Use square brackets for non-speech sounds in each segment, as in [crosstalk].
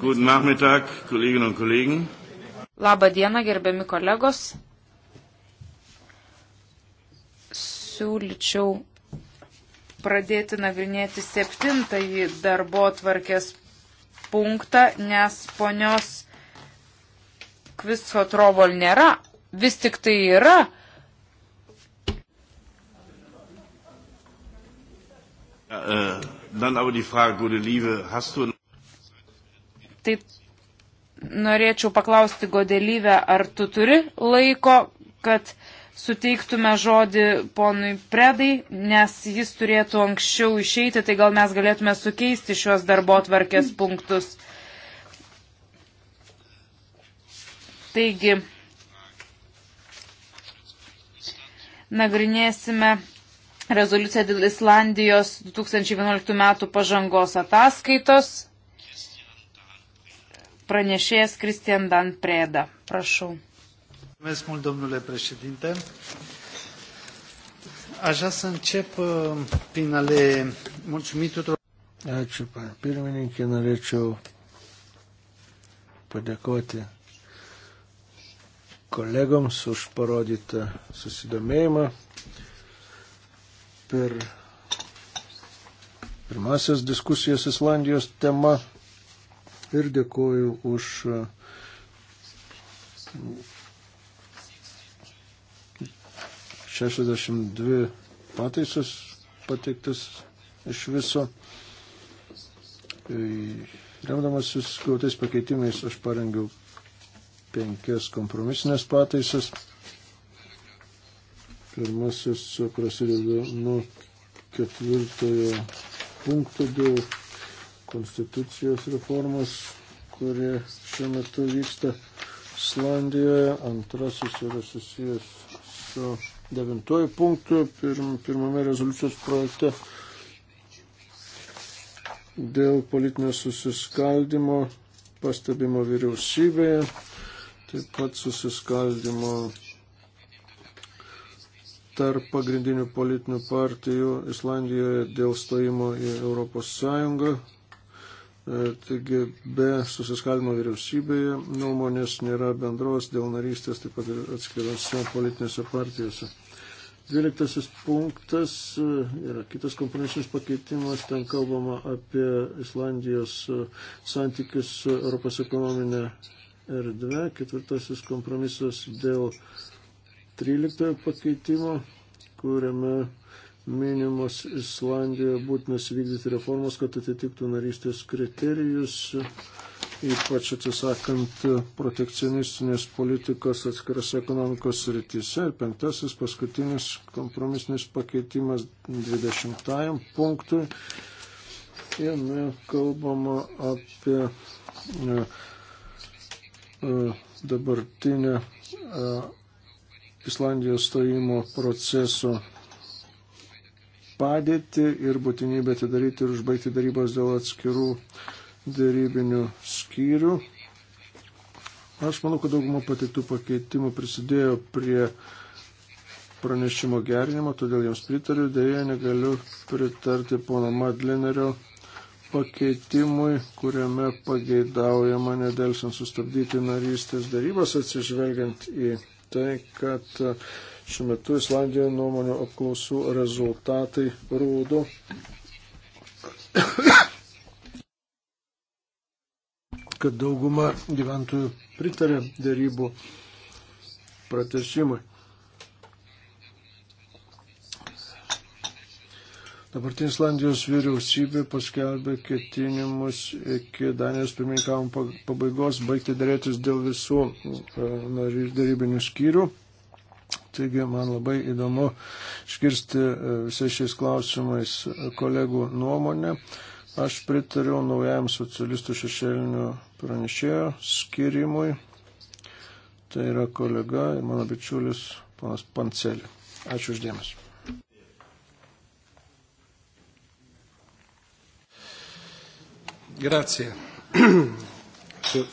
Guten Nachmittag, Kolleginnen und Kollegen. Labą dieną, gerbiami kolegos. Siūlyčiau pradėti nagrinėti septintąjį darbo tvarkės punktą, nes ponios Kvistotrovol nėra, vis tik tai yra. Äh, dann aber die Frage, gute Liebe, hast du... Tai norėčiau paklausti Godelyvę, ar tu turi laiko, kad suteiktume žodį ponui Predai, nes jis turėtų anksčiau išeiti, tai gal mes galėtume sukeisti šios darbo tvarkės punktus. Taigi, nagrinėsime rezoliuciją dėl Islandijos 2011 metų pažangos ataskaitos. Pranešėjas Kristian Dan Preda. Prašau. Mulțumesc mult, domnule președinte. Aș vrea să încep uh, prin a le mulțumi tuturor. Ačiū, pirmininkė, norėčiau padėkoti kolegoms už parodytą susidomėjimą per pirmasis diskusijos Islandijos tema ir dėkoju už uh, 62 pataisas pateiktas iš viso. Tai remdamasis gautais pakeitimais aš parengiau penkias kompromisinės pataisas. Pirmasis prasideda nuo ketvirtojo punkto dėl konstitucijos reformos, kurie šiuo metu vyksta Islandijoje. Antrasis yra susijęs su devintuoju punktu pirm, pirmame rezoliucijos projekte dėl politinio susiskaldimo pastebimo vyriausybėje, taip pat susiskaldimo tarp pagrindinių politinių partijų Islandijoje dėl stojimo į Europos Sąjungą. E, taigi be susiskalimo vyriausybėje nuomonės nėra bendros dėl narystės taip pat ir atskirose politinėse partijose. Dvyliktasis punktas e, yra kitas kompromisinis pakeitimas, ten kalbama apie Islandijos e, santykius su Europos ekonominė erdvė. Ketvirtasis kompromisas dėl tryliktojo pakeitimo, kuriame minimos Islandijoje būtinas vykdyti reformas, kad atitiktų narystės kriterijus, ypač atsisakant protekcionistinės politikos atskiras ekonomikos rytise. Ir penktasis paskutinis kompromisinis pakeitimas 20 punktui. Jame kalbama apie e, e, dabartinę e, Islandijos stojimo proceso padėtį ir būtinybę atidaryti ir užbaigti darybos dėl atskirų darybinių skyrių. Aš manau, kad dauguma pateiktų pakeitimų prisidėjo prie pranešimo gerinimo, todėl jiems pritariu, dėja negaliu pritarti pono Madlinerio pakeitimui, kuriame pageidaujama nedelsiant sustabdyti narystės darybas, atsižvelgiant į tai, kad Šiuo metu Islandijoje nuomonių apklausų rezultatai rodo, kad dauguma gyventojų pritarė darybų pratesimui. Dabartinė Islandijos vyriausybė paskelbė ketinimus iki Danijos pirmininkavimo pabaigos baigti dėrėtis dėl visų e, darybinių skyrių. Taigi man labai įdomu išgirsti e, visais šiais klausimais e, kolegų nuomonę. Aš pritariau naujam socialistų šešėlinių pranešėjo skirimui. Tai yra kolega ir mano bičiulis panas Pancelė. Ačiū uždėmesi. Grazie. [clears throat]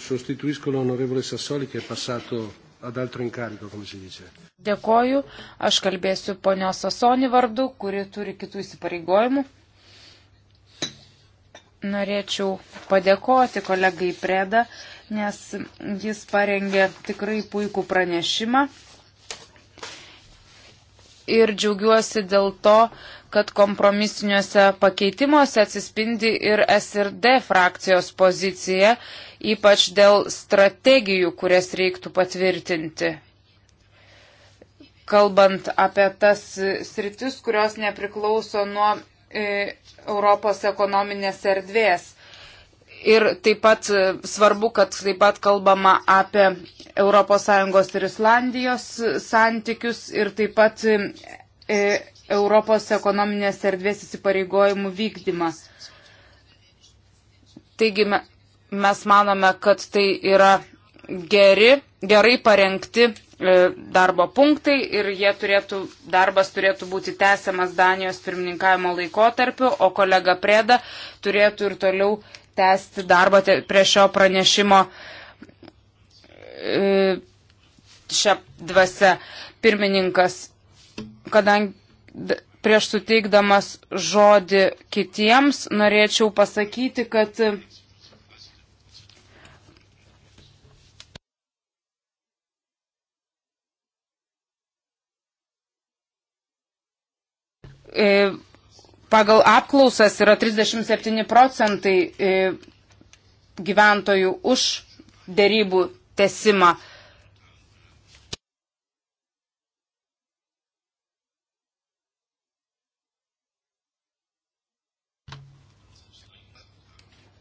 Sostituisco l'onorevole Sassoli che è passato ad altro incarico, come si dice. Dėkoju, aš kalbėsiu ponios Sasoni vardu, kuri turi kitų įsipareigojimų. Norėčiau padėkoti kolegai Preda, nes jis parengė tikrai puikų pranešimą. Ir džiaugiuosi dėl to, kad kompromisiniuose pakeitimuose atsispindi ir SRD frakcijos pozicija, ypač dėl strategijų, kurias reiktų patvirtinti. Kalbant apie tas sritis, kurios nepriklauso nuo e, Europos ekonominės erdvės. Ir taip pat e, svarbu, kad taip pat kalbama apie ES ir Islandijos santykius ir taip pat e, Europos ekonominės erdvės įsipareigojimų vykdymą. Taigi mes manome, kad tai yra geri, gerai parengti e, darbo punktai ir turėtų, darbas turėtų būti tęsiamas Danijos pirmininkavimo laikotarpiu, o kolega Preda turėtų ir toliau tęsti darbą prie šio pranešimo e, šią dvasę. Pirmininkas, kadangi prieš suteikdamas žodį kitiems, norėčiau pasakyti, kad e, pagal apklausas yra 37 procentai e, gyventojų už dėrybų tesimą.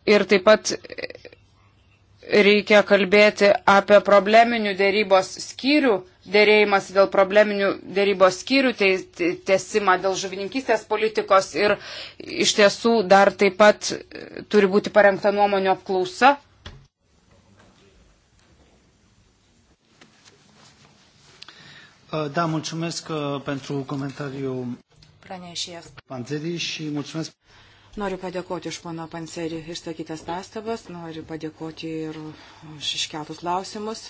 Ir taip pat reikia kalbėti apie probleminių dėrybos skyrių, dėrėjimas dėl probleminių dėrybos skyrių, tiesimą dėl žuvininkystės politikos ir iš tiesų dar taip pat turi būti parengta nuomonio apklausa. Uh, da, mulțumesc uh, pentru comentariu. Pranešės. Panzeri și mulțumesc. Noriu padėkoti iš pono Panserį išsakytas pastabas, noriu padėkoti ir už iškeltus klausimus.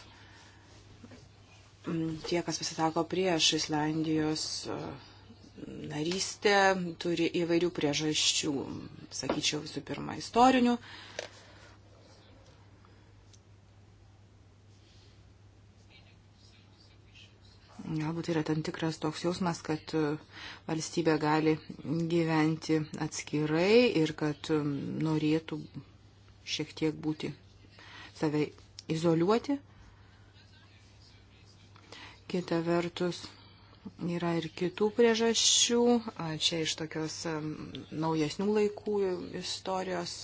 Mm, tie, kas pasisako prieš Islandijos e, narystę, turi įvairių priežasčių, sakyčiau, visų pirma, istorinių. Galbūt yra tam tikras toks jausmas, kad e, valstybė gali gyventi atskirai ir kad norėtų šiek tiek būti save izoliuoti. Kita vertus, yra ir kitų priežasčių. Čia iš tokios e, naujesnių laikų istorijos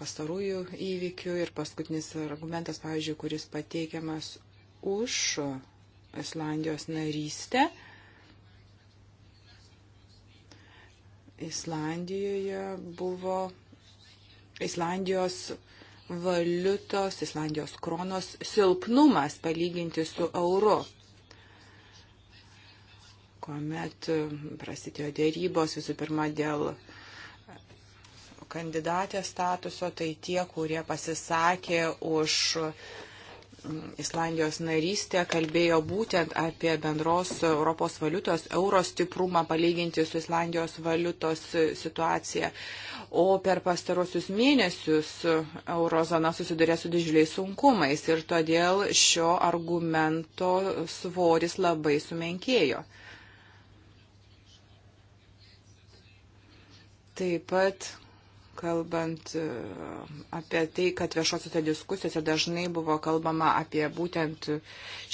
pastarųjų įvykių ir paskutinis argumentas, pavyzdžiui, kuris pateikiamas už Islandijos narystę. Islandijoje buvo Islandijos valiutos, Islandijos kronos silpnumas palyginti su euru. Kuomet prasidėjo dėrybos visų pirma dėl kandidatės statuso, tai tie, kurie pasisakė už uh, Islandijos narystė kalbėjo būtent apie bendros Europos valiutos euro stiprumą palyginti su Islandijos valiutos situacija. O per pastarosius mėnesius eurozona susidurė su didžiuliais sunkumais ir todėl šio argumento svoris labai sumenkėjo. Taip pat kalbant e, apie tai, kad viešosiuose diskusijose dažnai buvo kalbama apie būtent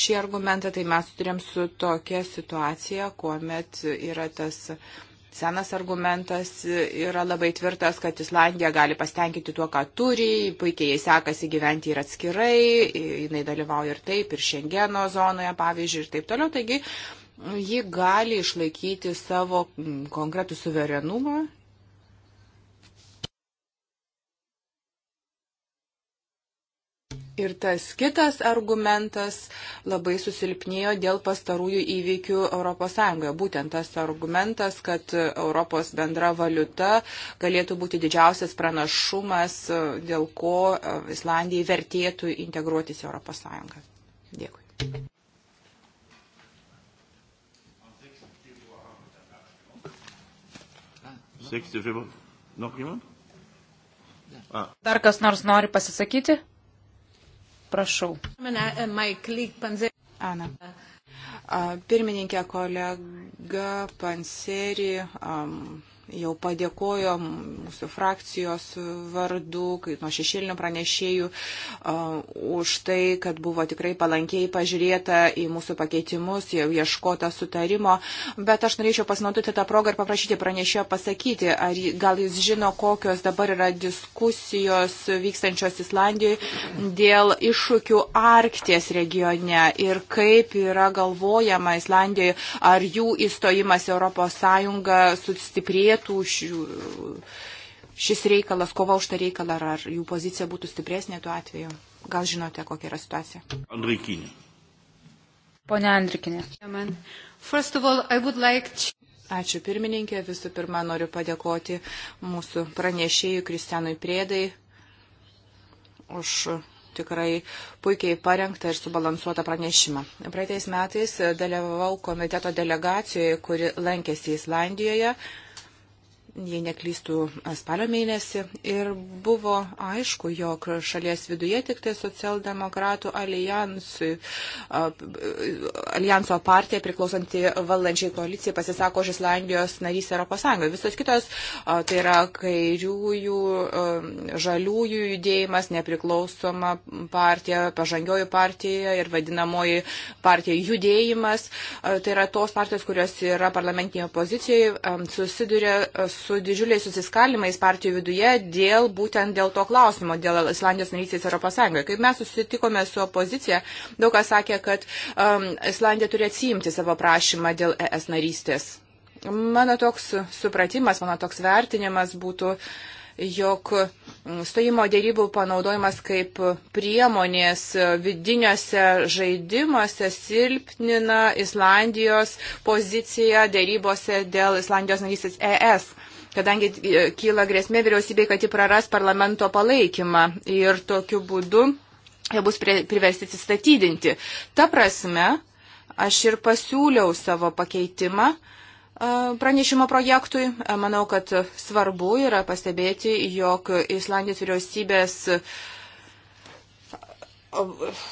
šį argumentą, tai mes turėm su tokia situacija, kuomet yra tas senas argumentas yra labai tvirtas, kad Islandija gali pastenkinti tuo, ką turi, puikiai jai sekasi gyventi ir atskirai, jinai dalyvauja ir taip, ir Šengeno zonoje, pavyzdžiui, ir taip toliau. Taigi, ji gali išlaikyti savo mm, konkretų suverenumą Ir tas kitas argumentas labai susilpnėjo dėl pastarųjų įvykių ES. Būtent tas argumentas, kad Europos bendra valiuta galėtų būti didžiausias pranašumas, dėl ko e, Islandijai vertėtų integruotis į ES. Dėkui. Dar kas nors nori pasisakyti? Prašau. Ana. Pirmininkė kolega Panseri. Um, jau padėkojo mūsų frakcijos vardu, kaip nuo šešėlinių pranešėjų, uh, už tai, kad buvo tikrai palankiai pažiūrėta į mūsų pakeitimus, jau ieškota sutarimo. Bet aš norėčiau pasinaudoti tą progą ir paprašyti pranešėjo pasakyti, ar gal jis žino, kokios dabar yra diskusijos vykstančios Islandijoje dėl iššūkių Arkties regione ir kaip yra galvojama Islandijoje, ar jų įstojimas Europos Sąjunga sustiprėjo sustiprėtų šių, šis reikalas, kova už tą reikalą, ar, ar jų pozicija būtų stipresnė tuo atveju. Gal žinote, kokia yra situacija? Andrikinė. Pone Andrikinė. Ačiū pirmininkė. Visų pirma, noriu padėkoti mūsų pranešėjų Kristianui Priedai už tikrai puikiai parengtą ir subalansuotą pranešimą. Praeitais metais dalyvavau komiteto delegacijoje, kuri lankėsi Islandijoje jei neklystų, spalio mėnesį ir buvo aišku, jog šalies viduje tik tai socialdemokratų alijansui, alijanso partija priklausanti valdančiai koalicijai pasisako už Islandijos narys Europos Sąjungoje. Visos kitos, tai yra kairiųjų, žaliųjų judėjimas, nepriklausoma partija, pažangioji partija ir vadinamoji partija judėjimas, tai yra tos partijos, kurios yra parlamentinėje pozicijoje, susiduria su su didžiuliais susiskalimais partijų viduje dėl būtent dėl to klausimo, dėl Islandijos narystės Europos Sąjungoje. Kai mes susitikome su opozicija, daug kas sakė, kad um, Islandija turi atsiimti savo prašymą dėl ES narystės. Mano toks supratimas, mano toks vertinimas būtų jog mm, stojimo dėrybų panaudojimas kaip priemonės vidiniuose žaidimuose silpnina Islandijos poziciją dėrybose dėl Islandijos narystės ES kadangi e, kyla grėsmė vyriausybei, kad ji praras parlamento palaikymą ir tokiu būdu jie bus priversti atsistatydinti. Ta prasme, aš ir pasiūliau savo pakeitimą e, pranešimo projektui. E, manau, kad svarbu yra pastebėti, jog Islandijos vyriausybės uh,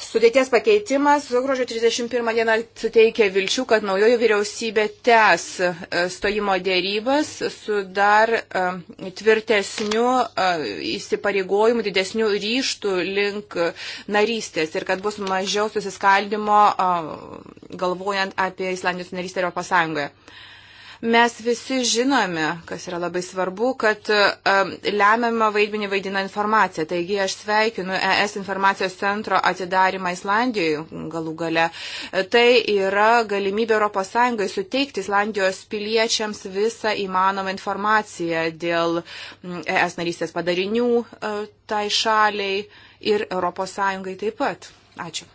sudėties pakeitimas gruodžio 31 dieną suteikia vilčių, kad naujoji vyriausybė tęs e, stojimo dėrybas su dar e, tvirtesniu e, įsipareigojimu, didesniu ryštų link narystės ir kad bus mažiau susiskaldimo galvojant apie Islandijos narystę Europos Sąjungoje. Mes visi žinome, kas yra labai svarbu, kad lemiamą vaidmenį vaidina informacija. Taigi aš sveikinu ES informacijos centro atidarimą Islandijoje galų gale. Tai yra galimybė ES suteikti Islandijos piliečiams visą įmanomą informaciją dėl ES narystės padarinių e, tai šaliai ir ES taip pat. Ačiū.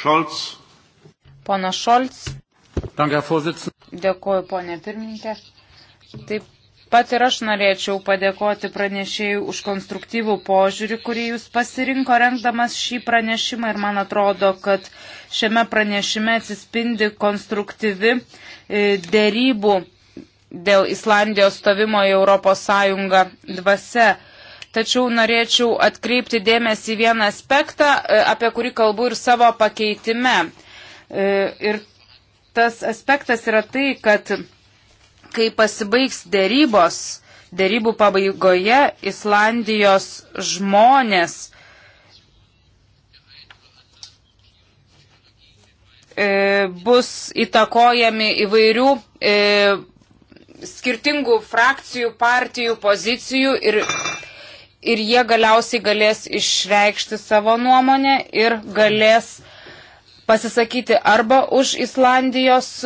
Scholz. Pono Šolts. Dėkuoju, ponė pirmininkė. Taip pat ir aš norėčiau padėkoti pranešėjui už konstruktyvų požiūrį, kurį jūs pasirinko rengdamas šį pranešimą ir man atrodo, kad šiame pranešime atsispindi konstruktyvi e, dėrybų dėl Islandijos stovimo į Europos Sąjungą dvasia. Tačiau norėčiau atkreipti dėmesį vieną aspektą, e, apie kurį kalbu ir savo pakeitime. E, ir tas aspektas yra tai, kad kai pasibaigs dėrybos, dėrybų pabaigoje Islandijos žmonės e, bus įtakojami įvairių e, skirtingų frakcijų, partijų, pozicijų ir, ir jie galiausiai galės išreikšti savo nuomonę ir galės pasisakyti arba už Islandijos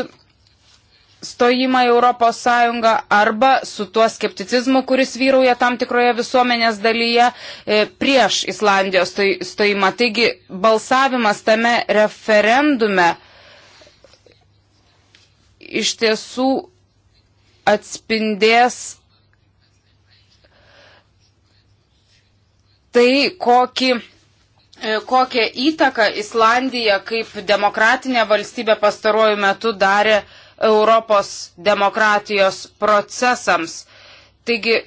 stojimą į Europos Sąjungą arba su tuo skepticizmu, kuris vyrauja tam tikroje visuomenės dalyje e, prieš Islandijos stojimą. Taigi balsavimas tame referendume iš tiesų atspindės tai, kokį E, kokią įtaką Islandija kaip demokratinė valstybė pastaruoju metu darė Europos demokratijos procesams. Taigi,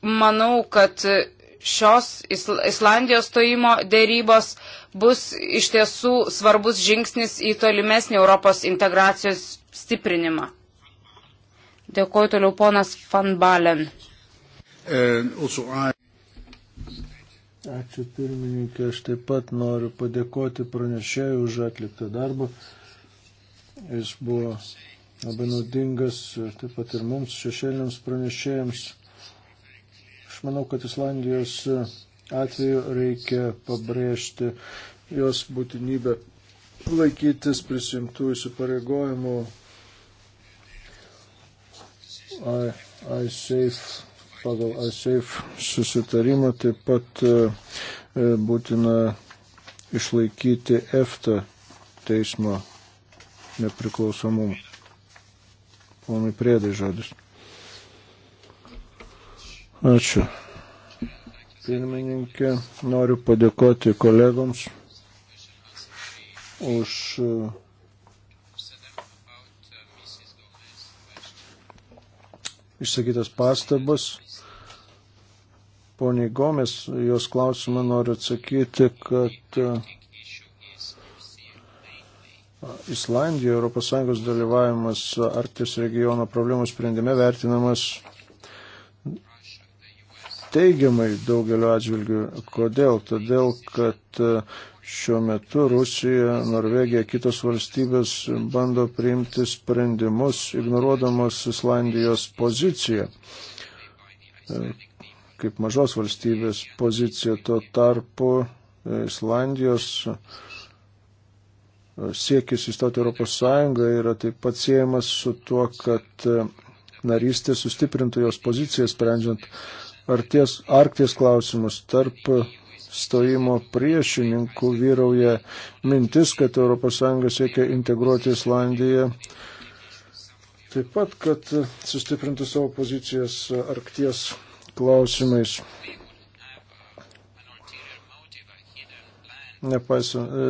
manau, kad šios Islandijos stojimo dėrybos bus iš tiesų svarbus žingsnis į tolimesnį Europos integracijos stiprinimą. Dėkuoju toliau ponas Van Balen. Uh, also, I... Ačiū pirmininkė, aš taip pat noriu padėkoti pranešėjui už atliktą darbą. Jis buvo labai naudingas taip pat ir mums, šešėliams pranešėjams. Aš manau, kad Islandijos atveju reikia pabrėžti jos būtinybę laikytis prisimtų įsipareigojimų. I, I safe pagal ASEIF susitarimą taip pat e, e, būtina išlaikyti EFTA teismo nepriklausomumą. Ponui priedai žodis. Ačiū. Pirmininkė, noriu padėkoti kolegoms už e, išsakytas pastabas poniai Gomis, jos klausimą noriu atsakyti, kad e, Islandijoje ES dalyvavimas Arktis regiono problemų sprendime vertinamas teigiamai daugeliu atžvilgių. Kodėl? Todėl, kad e, šiuo metu Rusija, Norvegija, kitos valstybės bando priimti sprendimus, ignoruodamos Islandijos poziciją e, kaip mažos valstybės pozicija. Tuo tarpu e, Islandijos e, siekis įstoti Europos Sąjungą yra taip pat siejamas su tuo, kad e, narystė sustiprintų jos poziciją sprendžiant arties, arkties klausimus. Tarp stojimo priešininkų vyrauja mintis, kad ES siekia integruoti Islandiją. Taip pat, kad sustiprintų savo pozicijas arkties klausimais. Nepaisant, e,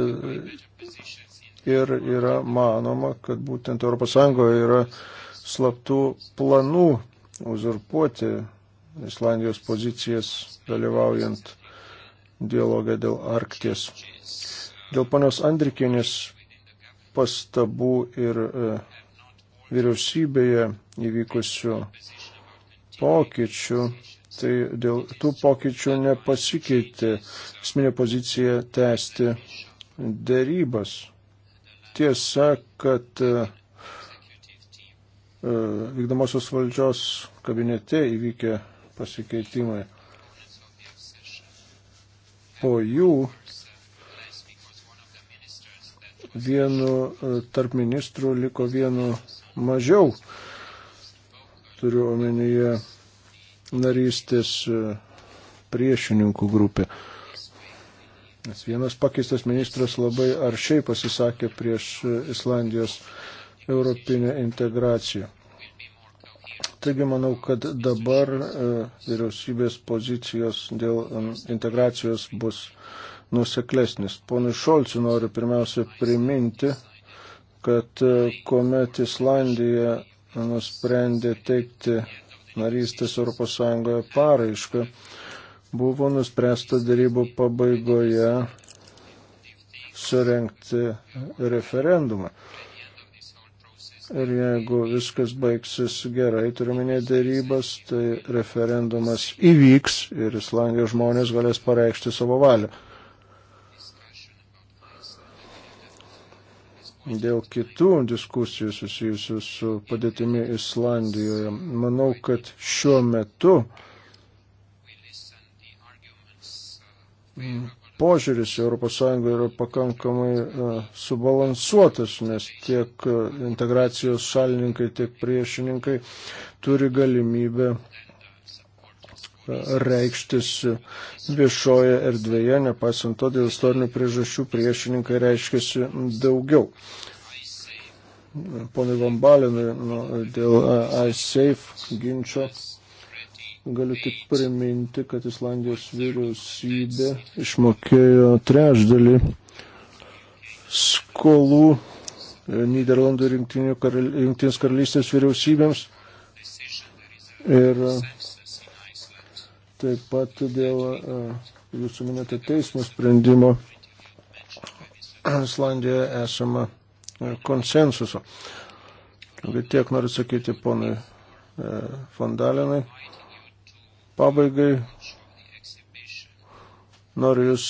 ir yra manoma, kad būtent ES yra slaptų planų uzurpuoti Islandijos pozicijas dalyvaujant dialogą dėl Arkties. Dėl panios Andrikinės pastabų ir e, vyriausybėje įvykusių pokyčių tai dėl tų pokyčių nepasikeitė esminė pozicija tęsti dėrybas. Tiesa, kad e, e, vykdomosios valdžios kabinete įvykę pasikeitimai. Po jų vienu e, tarp ministrų liko vienu mažiau. Turiu omenyje narystės e, priešininkų grupė. Nes vienas pakeistas ministras labai aršiai pasisakė prieš e, Islandijos europinę integraciją. Taigi manau, kad dabar e, vyriausybės pozicijos dėl integracijos bus nuseklesnis. Ponui Šolciu noriu pirmiausia priminti, kad kuomet Islandija nusprendė teikti narystės ES paraišką. Buvo nuspręsta darybų pabaigoje surenkti referendumą. Ir jeigu viskas baigsis gerai, turiminė dėrybas, tai referendumas įvyks ir Islandijos žmonės galės pareikšti savo valią. dėl kitų diskusijų susijusių su padėtimi Islandijoje. Manau, kad šiuo metu požiūris ES yra pakankamai e, subalansuotas, nes tiek integracijos šalininkai, tiek priešininkai turi galimybę reikštis viešoje erdvėje, nepaisant to dėl istorinių priežasčių priešininkai reiškiasi daugiau. Pone Vambalinui nu, dėl iSafe ginčio galiu tik priminti, kad Islandijos vyriausybė išmokėjo trešdalį skolų e, Niderlandų rinktinės karalystės vyriausybėms. Ir Taip pat dėl e, jūsų minėto teismo sprendimo Islandijoje esama e, konsensuso. Bet tiek noriu sakyti ponui Fondalinai. E, Pabaigai noriu jūs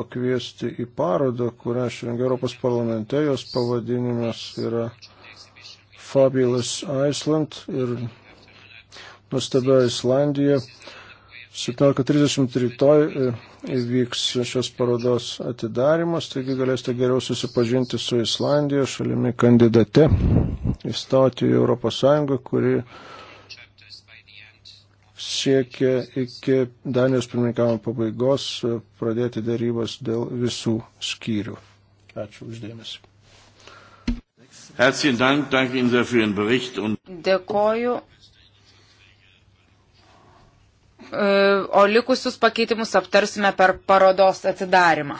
pakviesti į parodą, kurią aš rengiu Europos parlamente, jos pavadinimas yra Fabulous Iceland ir nuostabia Islandija. 17.30 rytoj e, įvyks šios parodos atidarimas, taigi galėsite geriau susipažinti su Islandija, šalimi kandidate įstoti į Europos Sąjungą, kuri siekia iki Danijos pirmininkavimo pabaigos e, pradėti darybas dėl visų skyrių. Ačiū uždėmesi. Herzlichen Dank, danke Ihnen sehr für Ihren Bericht. Und Dėkoju. E, o likusius pakeitimus aptarsime per parodos atidarimą.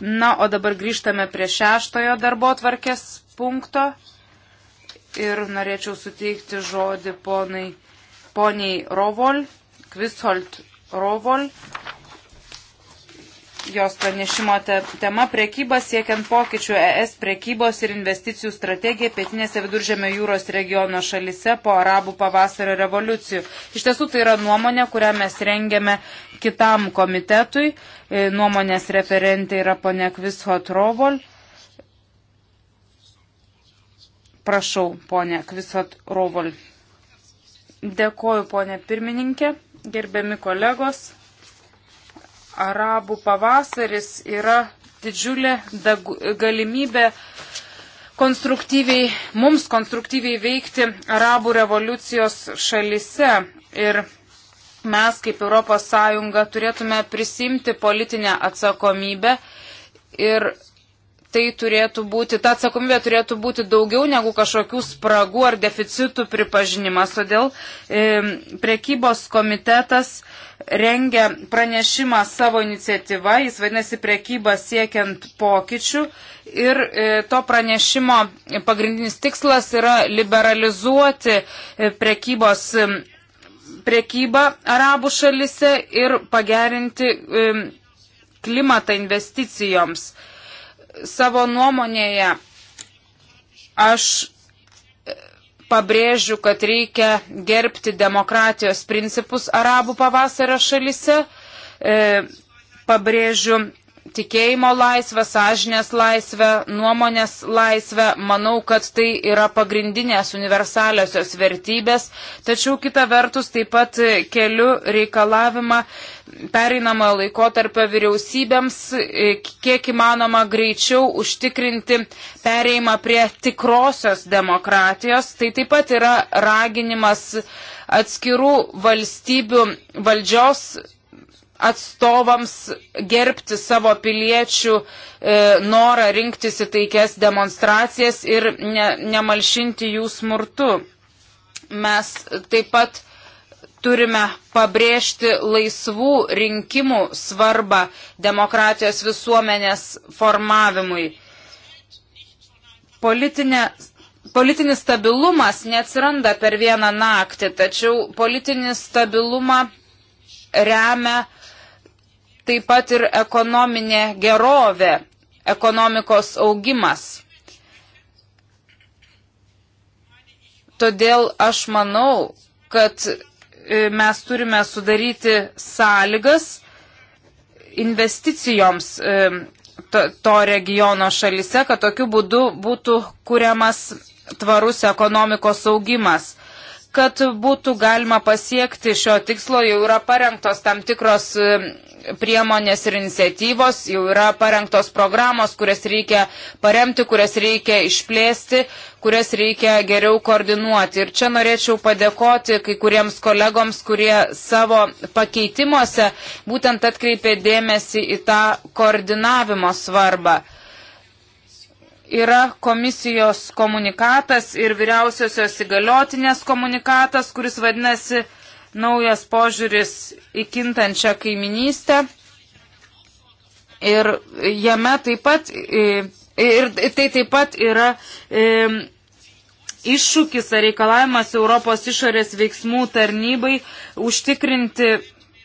Na, o dabar grįžtame prie šeštojo darbo tvarkės punkto ir norėčiau suteikti žodį ponai, poniai Rovol, Kvistholt Rovol, jos pranešimo te, tema prekyba siekiant pokyčių ES prekybos ir investicijų strategija pietinėse viduržėmio jūros regiono šalise po arabų pavasario revoliucijų. Iš tiesų tai yra nuomonė, kurią mes rengiame kitam komitetui. E, nuomonės referentė yra ponia Kvishot Rovol. Prašau, ponia Kvishot Rovol. Dėkoju, ponia pirmininkė, gerbiami kolegos arabų pavasaris yra didžiulė galimybė konstruktyviai, mums konstruktyviai veikti arabų revoliucijos šalise. Ir mes kaip ES turėtume prisimti politinę atsakomybę ir tai turėtų būti, ta atsakomybė turėtų būti daugiau negu kažkokių spragų ar deficitų pripažinimas. Todėl e, prekybos komitetas rengia pranešimą savo iniciatyvą, jis vadinasi prekyba siekiant pokyčių ir e, to pranešimo pagrindinis tikslas yra liberalizuoti e, prekybos. Prekyba arabų šalise ir pagerinti e, klimatą investicijoms. E, savo nuomonėje aš pabrėžiu, kad reikia gerbti demokratijos principus arabų pavasario šalise. E, pabrėžiu tikėjimo laisvę, sąžinės laisvę, nuomonės laisvę. Manau, kad tai yra pagrindinės universaliosios vertybės, tačiau kita vertus taip pat keliu reikalavimą pereinamojo laikotarpio vyriausybėms, kiek įmanoma greičiau užtikrinti pereimą prie tikrosios demokratijos. Tai taip pat yra raginimas atskirų valstybių valdžios atstovams gerbti savo piliečių e, norą rinktis į taikės demonstracijas ir ne, nemalšinti jų smurtu. Mes taip pat turime pabrėžti laisvų rinkimų svarbą demokratijos visuomenės formavimui. Politinė politinis stabilumas neatsiranda per vieną naktį, tačiau politinį stabilumą remia taip pat ir ekonominė gerovė, ekonomikos augimas. Todėl aš manau, kad e, mes turime sudaryti sąlygas investicijoms e, to regiono šalise, kad tokiu būdu būtų kuriamas tvarus ekonomikos augimas. Kad būtų galima pasiekti šio tikslo, jau yra parengtos tam tikros e, priemonės ir iniciatyvos, jau yra parengtos programos, kurias reikia paremti, kurias reikia išplėsti, kurias reikia geriau koordinuoti. Ir čia norėčiau padėkoti kai kuriems kolegoms, kurie savo pakeitimuose būtent atkreipė dėmesį į tą koordinavimo svarbą yra komisijos komunikatas ir vyriausiosios įgaliotinės komunikatas, kuris vadinasi naujas požiūris į kintančią kaiminystę. Ir jame taip pat, ir tai taip pat yra ir, iššūkis ar reikalavimas Europos išorės veiksmų tarnybai užtikrinti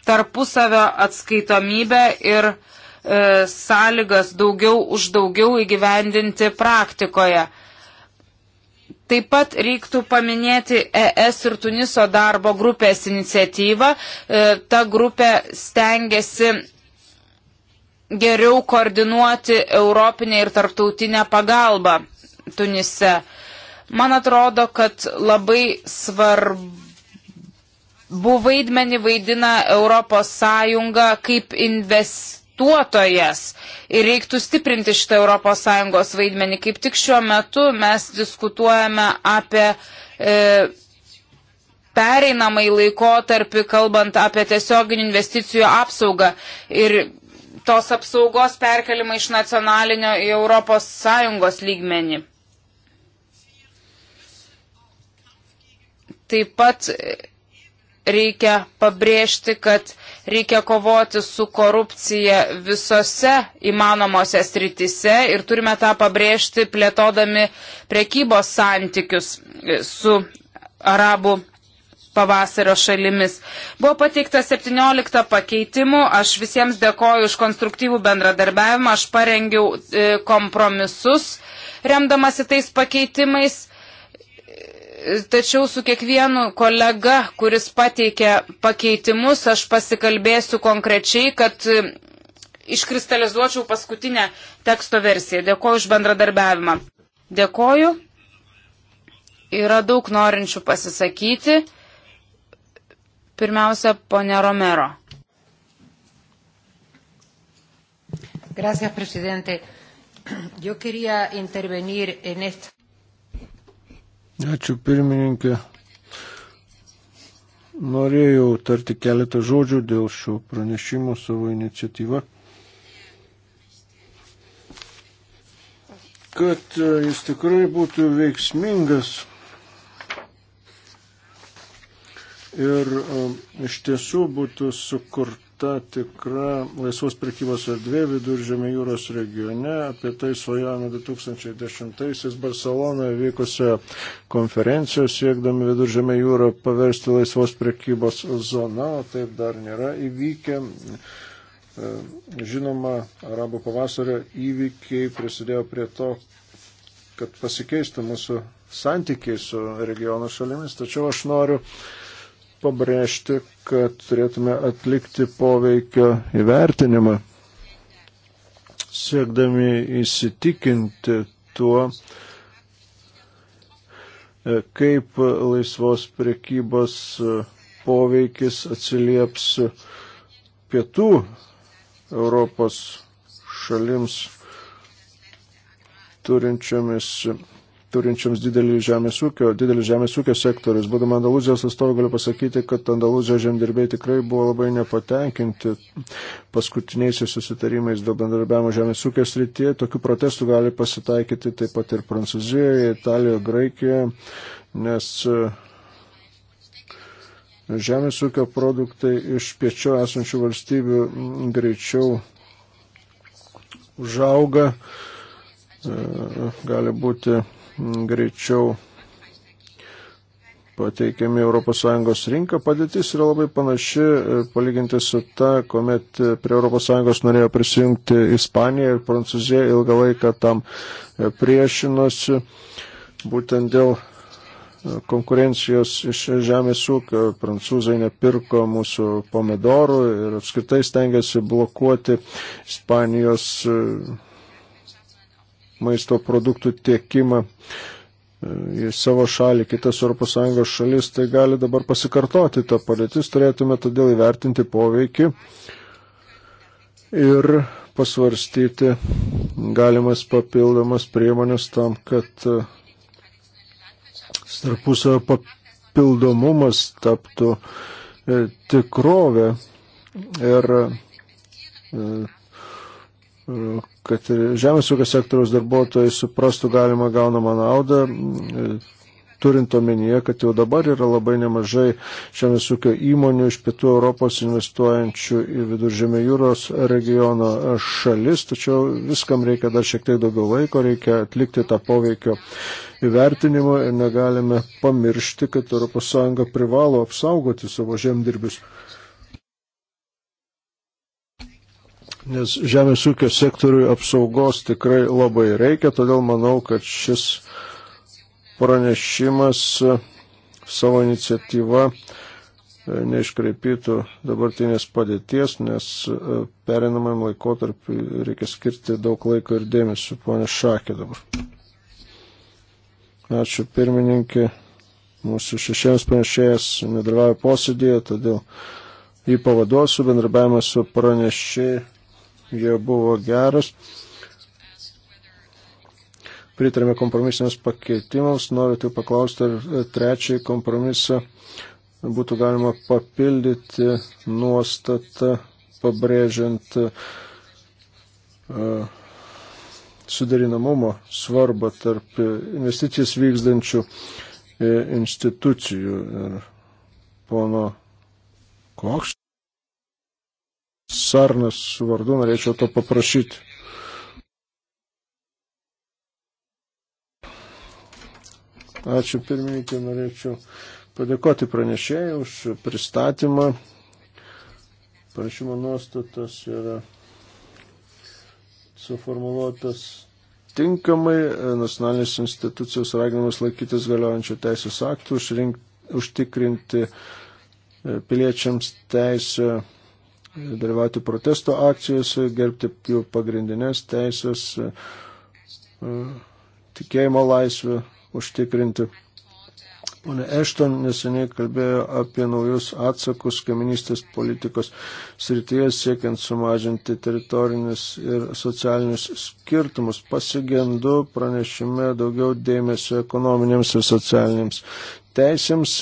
tarpusavio atskaitomybę ir uh, E, sąlygas daugiau už daugiau įgyvendinti praktikoje. Taip pat reiktų paminėti ES ir Tuniso darbo grupės iniciatyvą. E, ta grupė stengiasi geriau koordinuoti europinę ir tarptautinę pagalbą Tunise. Man atrodo, kad labai svarbu vaidmenį vaidina Europos Sąjunga kaip investicija investuotojas ir reiktų stiprinti šitą ES vaidmenį. Kaip tik šiuo metu mes diskutuojame apie e, pereinamai laikotarpį, kalbant apie tiesioginių investicijų apsaugą ir tos apsaugos perkelimą iš nacionalinio į ES lygmenį. Taip pat e, reikia pabrėžti, kad reikia kovoti su korupcija visose įmanomose sritise ir turime tą pabrėžti plėtodami prekybos santykius su arabų pavasario šalimis. Buvo pateikta 17 pakeitimų, aš visiems dėkoju už konstruktyvų bendradarbiavimą, aš parengiau e, kompromisus remdamasi tais pakeitimais Tačiau su kiekvienu kolega, kuris pateikia pakeitimus, aš pasikalbėsiu konkrečiai, kad e, iškristalizuočiau paskutinę teksto versiją. Dėkoju už bendradarbiavimą. Dėkoju. Yra daug norinčių pasisakyti. Pirmiausia, ponė Romero. Gracias, presidente. Yo quería intervenir en esta. Ačiū pirmininkė. Norėjau tarti keletą žodžių dėl šio pranešimo savo iniciatyvą. Kad e, jis tikrai būtų veiksmingas ir e, iš tiesų būtų sukurta ta tikra laisvos prekybos erdvė viduržėmė jūros regione. Apie tai svajojame 2010-aisiais Barcelonoje vykusioje konferencijoje siekdami viduržėmė jūrą paversti laisvos prekybos zona, o taip dar nėra įvykę. E, žinoma, arabų pavasario įvykiai prisidėjo prie to, kad pasikeistų mūsų santykiai su regiono šalimis, tačiau aš noriu pabrėžti, kad turėtume atlikti poveikio įvertinimą, siekdami įsitikinti tuo, kaip laisvos priekybos poveikis atsilieps pietų Europos šalims turinčiamis turinčiams didelį žemės ūkio, didelį žemės ūkio sektorius. Būdama Andalūzijos atstovų galiu pasakyti, kad Andalūzijos žemdirbiai tikrai buvo labai nepatenkinti paskutiniais susitarimais dėl bendradarbiavimo žemės ūkio srityje. Tokių protestų gali pasitaikyti taip pat ir Prancūzijoje, Italijoje, Graikijoje, nes e, žemės ūkio produktai iš piečio esančių valstybių greičiau užauga, e, gali būti greičiau pateikiami ES rinką. Padėtis yra labai panaši, e, palyginti su ta, kuomet e, prie ES norėjo prisijungti Ispanija ir Prancūzija ilgą laiką tam e, priešinosi, būtent dėl konkurencijos iš žemės ūkio. Prancūzai nepirko mūsų pomidorų ir apskritai stengiasi blokuoti Ispanijos maisto produktų tiekimą e, į savo šalį, kitas ES šalis, tai gali dabar pasikartoti tą padėtis, turėtume todėl įvertinti poveikį ir pasvarstyti galimas papildomas priemonės tam, kad e, tarpusio papildomumas taptų e, tikrovę ir kad ir žemės ūkio sektoriaus darbuotojai suprastų galimą gaunamą naudą, turint omenyje, kad jau dabar yra labai nemažai žemės ūkio įmonių iš pietų Europos investuojančių į viduržėmio jūros regiono šalis, tačiau viskam reikia dar šiek tiek daugiau laiko, reikia atlikti tą poveikio įvertinimą ir negalime pamiršti, kad ES privalo apsaugoti savo žemdirbius. nes žemės ūkio sektoriui apsaugos tikrai labai reikia, todėl manau, kad šis pranešimas e, savo iniciatyva e, neiškreipytų dabartinės padėties, nes e, perinamam laikotarpiu reikia skirti daug laiko ir dėmesio. Pone Šakė dabar. Ačiū pirmininkė. Mūsų šešiems pranešėjas nedalyvauja posėdėje, todėl jį pavaduosiu bendrabiavimą su pranešėjai jie buvo geras. Pritarėme kompromisiniams pakeitimams, noriu tik paklausti, ar e, trečiai kompromisą būtų galima papildyti nuostatą, pabrėžiant uh, suderinamumo svarbą tarp investicijas vykdančių e, institucijų ir pono Koks. Sarnas vardu norėčiau to paprašyti. Ačiū pirmininkė, norėčiau padėkoti pranešėjai už pristatymą. Prašymo nuostatas yra suformuoluotas tinkamai, nacionalinės institucijos raginamas laikytis galiojančių teisės aktų, užrink, užtikrinti piliečiams teisę dalyvauti protesto akcijose, gerbti jų pagrindinės teisės, e, tikėjimo laisvę užtikrinti. Pone Ešton neseniai kalbėjo apie naujus atsakus kaiminystės politikos srityje siekiant sumažinti teritorinius ir socialinius skirtumus. Pasigendu pranešime daugiau dėmesio ekonominėms ir socialiniams teisėms,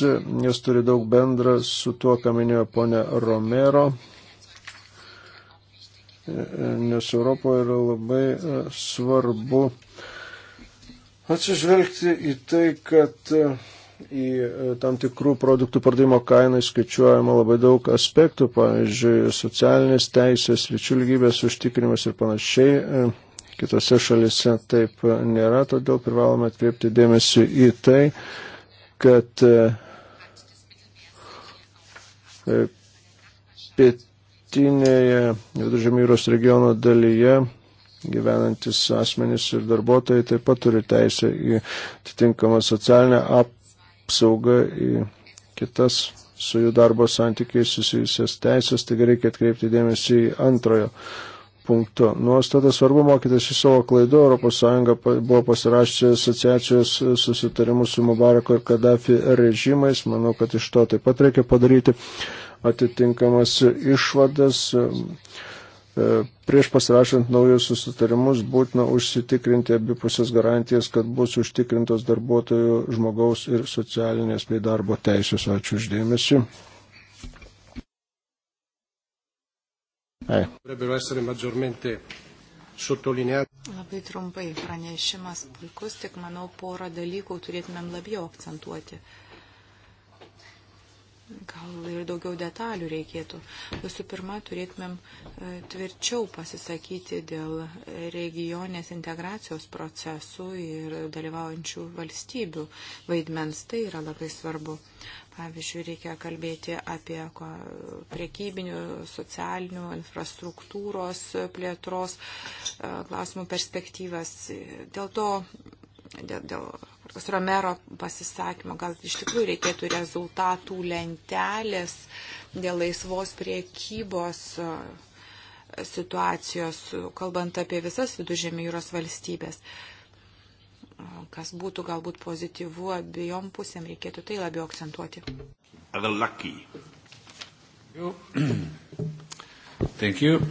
nes turi daug bendra su tuo, ką minėjo ponė Romero, nes Europoje yra labai e, svarbu atsižvelgti į tai, kad e, į e, tam tikrų produktų pardavimo kainą skaičiuojama labai daug aspektų, pavyzdžiui, socialinės teisės, lyčių lygybės užtikrinimas ir panašiai. Kitose šalise taip nėra, todėl privalome atkreipti dėmesį į tai, kad pietų pietinėje Viduržemyros regiono dalyje gyvenantis asmenys ir darbuotojai taip pat turi teisę į atitinkamą socialinę apsaugą, į kitas su jų darbo santykiai susijusias teisės, taigi reikia atkreipti dėmesį į antrojo punkto nuostatą. Svarbu mokytis iš savo klaidų. ES buvo pasirašęs asociacijos susitarimus su Mubarako ir Kadafi režimais. Manau, kad iš to taip pat reikia padaryti atitinkamas išvadas. E, e, prieš pasirašant naujus susitarimus būtina užsitikrinti abipusės garantijas, kad bus užtikrintos darbuotojų, žmogaus ir socialinės bei darbo teisės. Ačiū uždėmesi. Labai trumpai pranešimas puikus, tik manau porą dalykų turėtumėm labiau akcentuoti. Gal ir daugiau detalių reikėtų. Visų pirma, turėtumėm e, tvirčiau pasisakyti dėl regionės integracijos procesų ir dalyvaujančių valstybių vaidmens. Tai yra labai svarbu. Pavyzdžiui, reikia kalbėti apie priekybinių, socialinių, infrastruktūros plėtros e, klausimų perspektyvas. Dėl to dėl, dėl Romero pasisakymo, gal iš tikrųjų reikėtų rezultatų lentelės dėl laisvos priekybos e, situacijos, kalbant apie visas viduržėmė jūros valstybės. E, kas būtų galbūt pozityvu abiejom pusėm, reikėtų tai labiau akcentuoti. Thank you.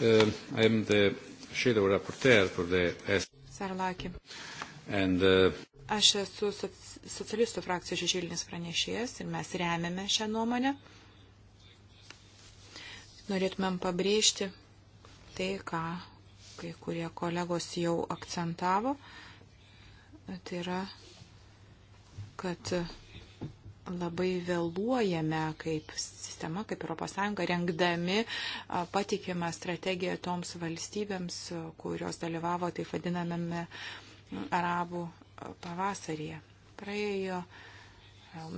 Uh, I am the shadow rapporteur for the Sarlaki. And, uh... Aš esu socialistų frakcijos šešėlinis pranešėjas ir mes remiame šią nuomonę. Norėtumėm pabrėžti tai, ką kai kurie kolegos jau akcentavo. Tai yra, kad uh, labai vėluojame kaip sistema, kaip ES, rengdami patikimą strategiją toms valstybėms, kurios dalyvavo taip vadinamame arabų pavasaryje. Praėjo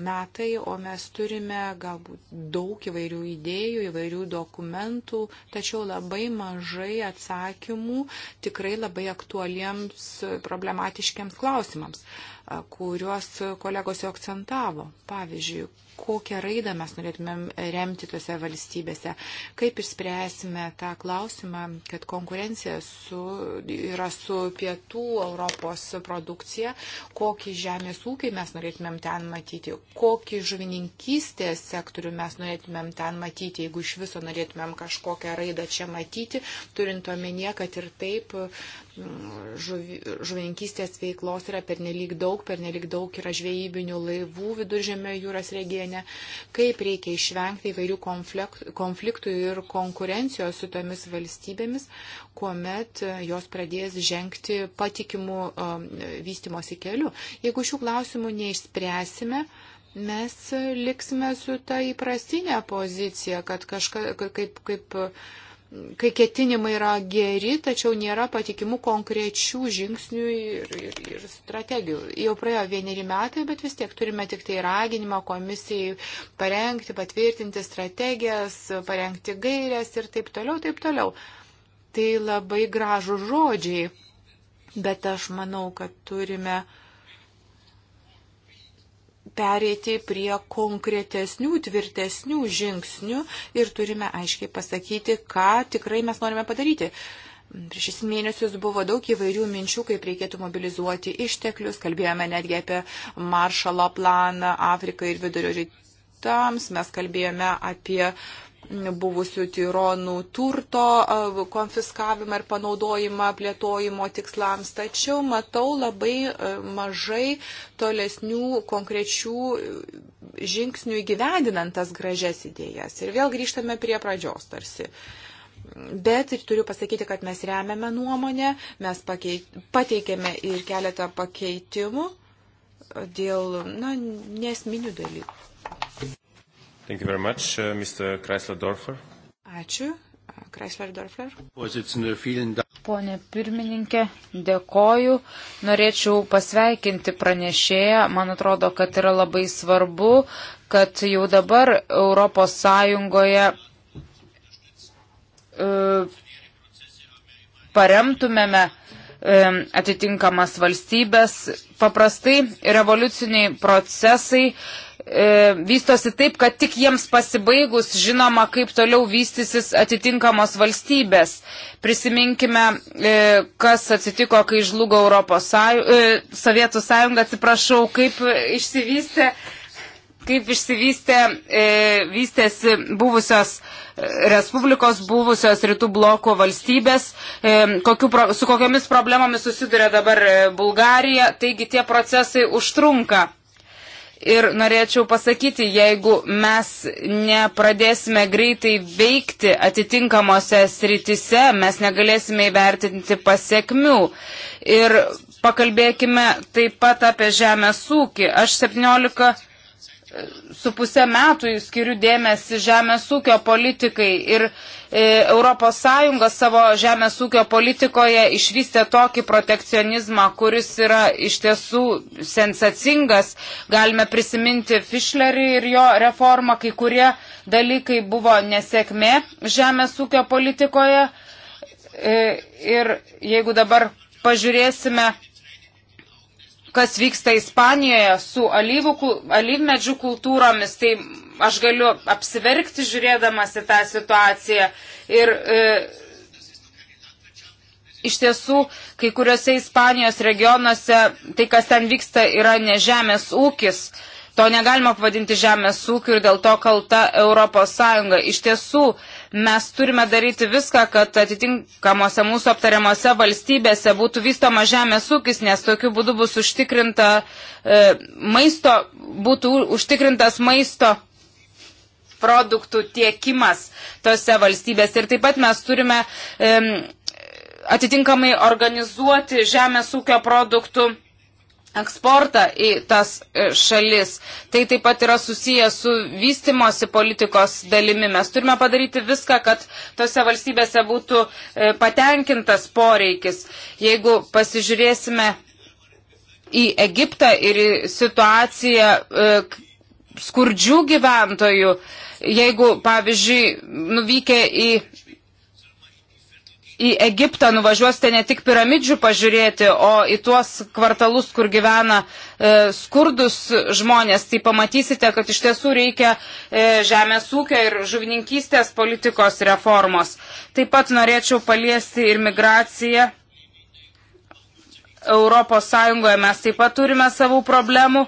metai, o mes turime galbūt daug įvairių idėjų, įvairių dokumentų, tačiau labai mažai atsakymų tikrai labai aktualiems problematiškiams klausimams kuriuos kolegos jau akcentavo. Pavyzdžiui, kokią raidą mes norėtumėm remti tose valstybėse, kaip išspręsime tą klausimą, kad konkurencija su, yra su pietų Europos produkcija, kokį žemės ūkį mes norėtumėm ten matyti, kokį žuvininkystės sektorių mes norėtumėm ten matyti, jeigu iš viso norėtumėm kažkokią raidą čia matyti, turint omenyje, kad ir taip mm, žuvi, žuvininkystės veiklos yra pernelyg daug, pernelyg daug yra žvejybinių laivų viduržėmio jūros regione Šengene, kaip reikia išvengti įvairių konfliktų ir konkurencijos su tomis valstybėmis, kuomet e, jos pradės žengti patikimų e, vystimosi keliu. Jeigu šių klausimų neišspręsime, mes e, liksime su ta įprastinė pozicija, kad kažka, kaip, kaip kai ketinimai yra geri, tačiau nėra patikimų konkrečių žingsnių ir, ir, ir strategijų. Jau praėjo vieneri metai, bet vis tiek turime tik tai raginimą komisijai parengti, patvirtinti strategijas, parengti gairias ir taip toliau, taip toliau. Tai labai gražų žodžiai, bet aš manau, kad turime uh, pereiti prie konkretesnių, tvirtesnių žingsnių ir turime aiškiai pasakyti, ką tikrai mes norime padaryti. Prieš šis mėnesius buvo daug įvairių minčių, kaip reikėtų mobilizuoti išteklius, kalbėjome netgi apie maršalo planą Afrikai ir vidurio rytams, mes kalbėjome apie uh, buvusių tyronų turto konfiskavimą ir panaudojimą plėtojimo tikslams, tačiau matau labai mažai tolesnių konkrečių žingsnių įgyvendinant tas gražias idėjas. Ir vėl grįžtame prie pradžios tarsi. Bet ir turiu pasakyti, kad mes remiame nuomonę, mes pakeit, pateikėme ir keletą pakeitimų dėl na, nesminių dalykų. Thank you very much, uh, Mr. Chrysler-Dorfler. Ačiū. Chrysler-Dorfler. Uh, Pone pirmininkė, dėkoju. Norėčiau pasveikinti pranešėją. Man atrodo, kad yra labai svarbu, kad jau dabar Europos Sąjungoje uh, paremtumėme e, atitinkamas valstybės. Paprastai revoliuciniai procesai E, vystosi taip, kad tik jiems pasibaigus žinoma, kaip toliau vystysis atitinkamos valstybės. Prisiminkime, e, kas atsitiko, kai žlugo Europos sąjunga, e, Sovietų sąjunga, atsiprašau, kaip išsivystė, kaip išsivystė, vystėsi buvusios Respublikos buvusios rytų bloko valstybės, kokiu, su kokiamis problemomis susiduria dabar Bulgarija, taigi tie procesai užtrunka. Ir norėčiau pasakyti, jeigu mes nepradėsime greitai veikti atitinkamose sritise, mes negalėsime įvertinti pasiekmių. Ir pakalbėkime taip pat apie žemės ūkį. Aš 17 su pusę metų skiriu dėmesį žemės ūkio politikai ir ES savo žemės ūkio politikoje išvystė tokį protekcionizmą, kuris yra iš tiesų sensacingas. Galime prisiminti Fischlerį ir jo reformą, kai kurie dalykai buvo nesėkmė žemės ūkio politikoje. E, ir jeigu dabar pažiūrėsime kas vyksta Ispanijoje su alyvų, alyvmedžių kultūromis, tai aš galiu apsiverkti žiūrėdamas į tą situaciją. Ir e, iš tiesų, kai kuriuose Ispanijos regionuose tai, kas ten vyksta, yra ne žemės ūkis. To negalima pavadinti žemės ūkiu ir dėl to kalta Europos Sąjunga. Iš tiesų, e, Mes turime daryti viską, kad atitinkamuose mūsų aptariamuose valstybėse būtų vystoma žemės ūkis, nes tokiu būdu bus užtikrinta e, maisto, būtų užtikrintas maisto produktų tiekimas tose valstybėse. Ir taip pat mes turime e, atitinkamai organizuoti žemės ūkio produktų eksportą į tas e, šalis. Tai taip pat yra susiję su vystimosi politikos dalimi. Mes turime padaryti viską, kad tose valstybėse būtų e, patenkintas poreikis. Jeigu pasižiūrėsime į Egiptą ir į situaciją e, skurdžių gyventojų, jeigu, pavyzdžiui, nuvykę į į Egiptą nuvažiuosite ne tik piramidžių pažiūrėti, o į tuos kvartalus, kur gyvena e, skurdus žmonės, tai pamatysite, kad iš tiesų reikia e, žemės ūkio ir žuvininkystės politikos reformos. Taip pat norėčiau paliesti ir migraciją. Europos Sąjungoje mes taip pat turime savų problemų,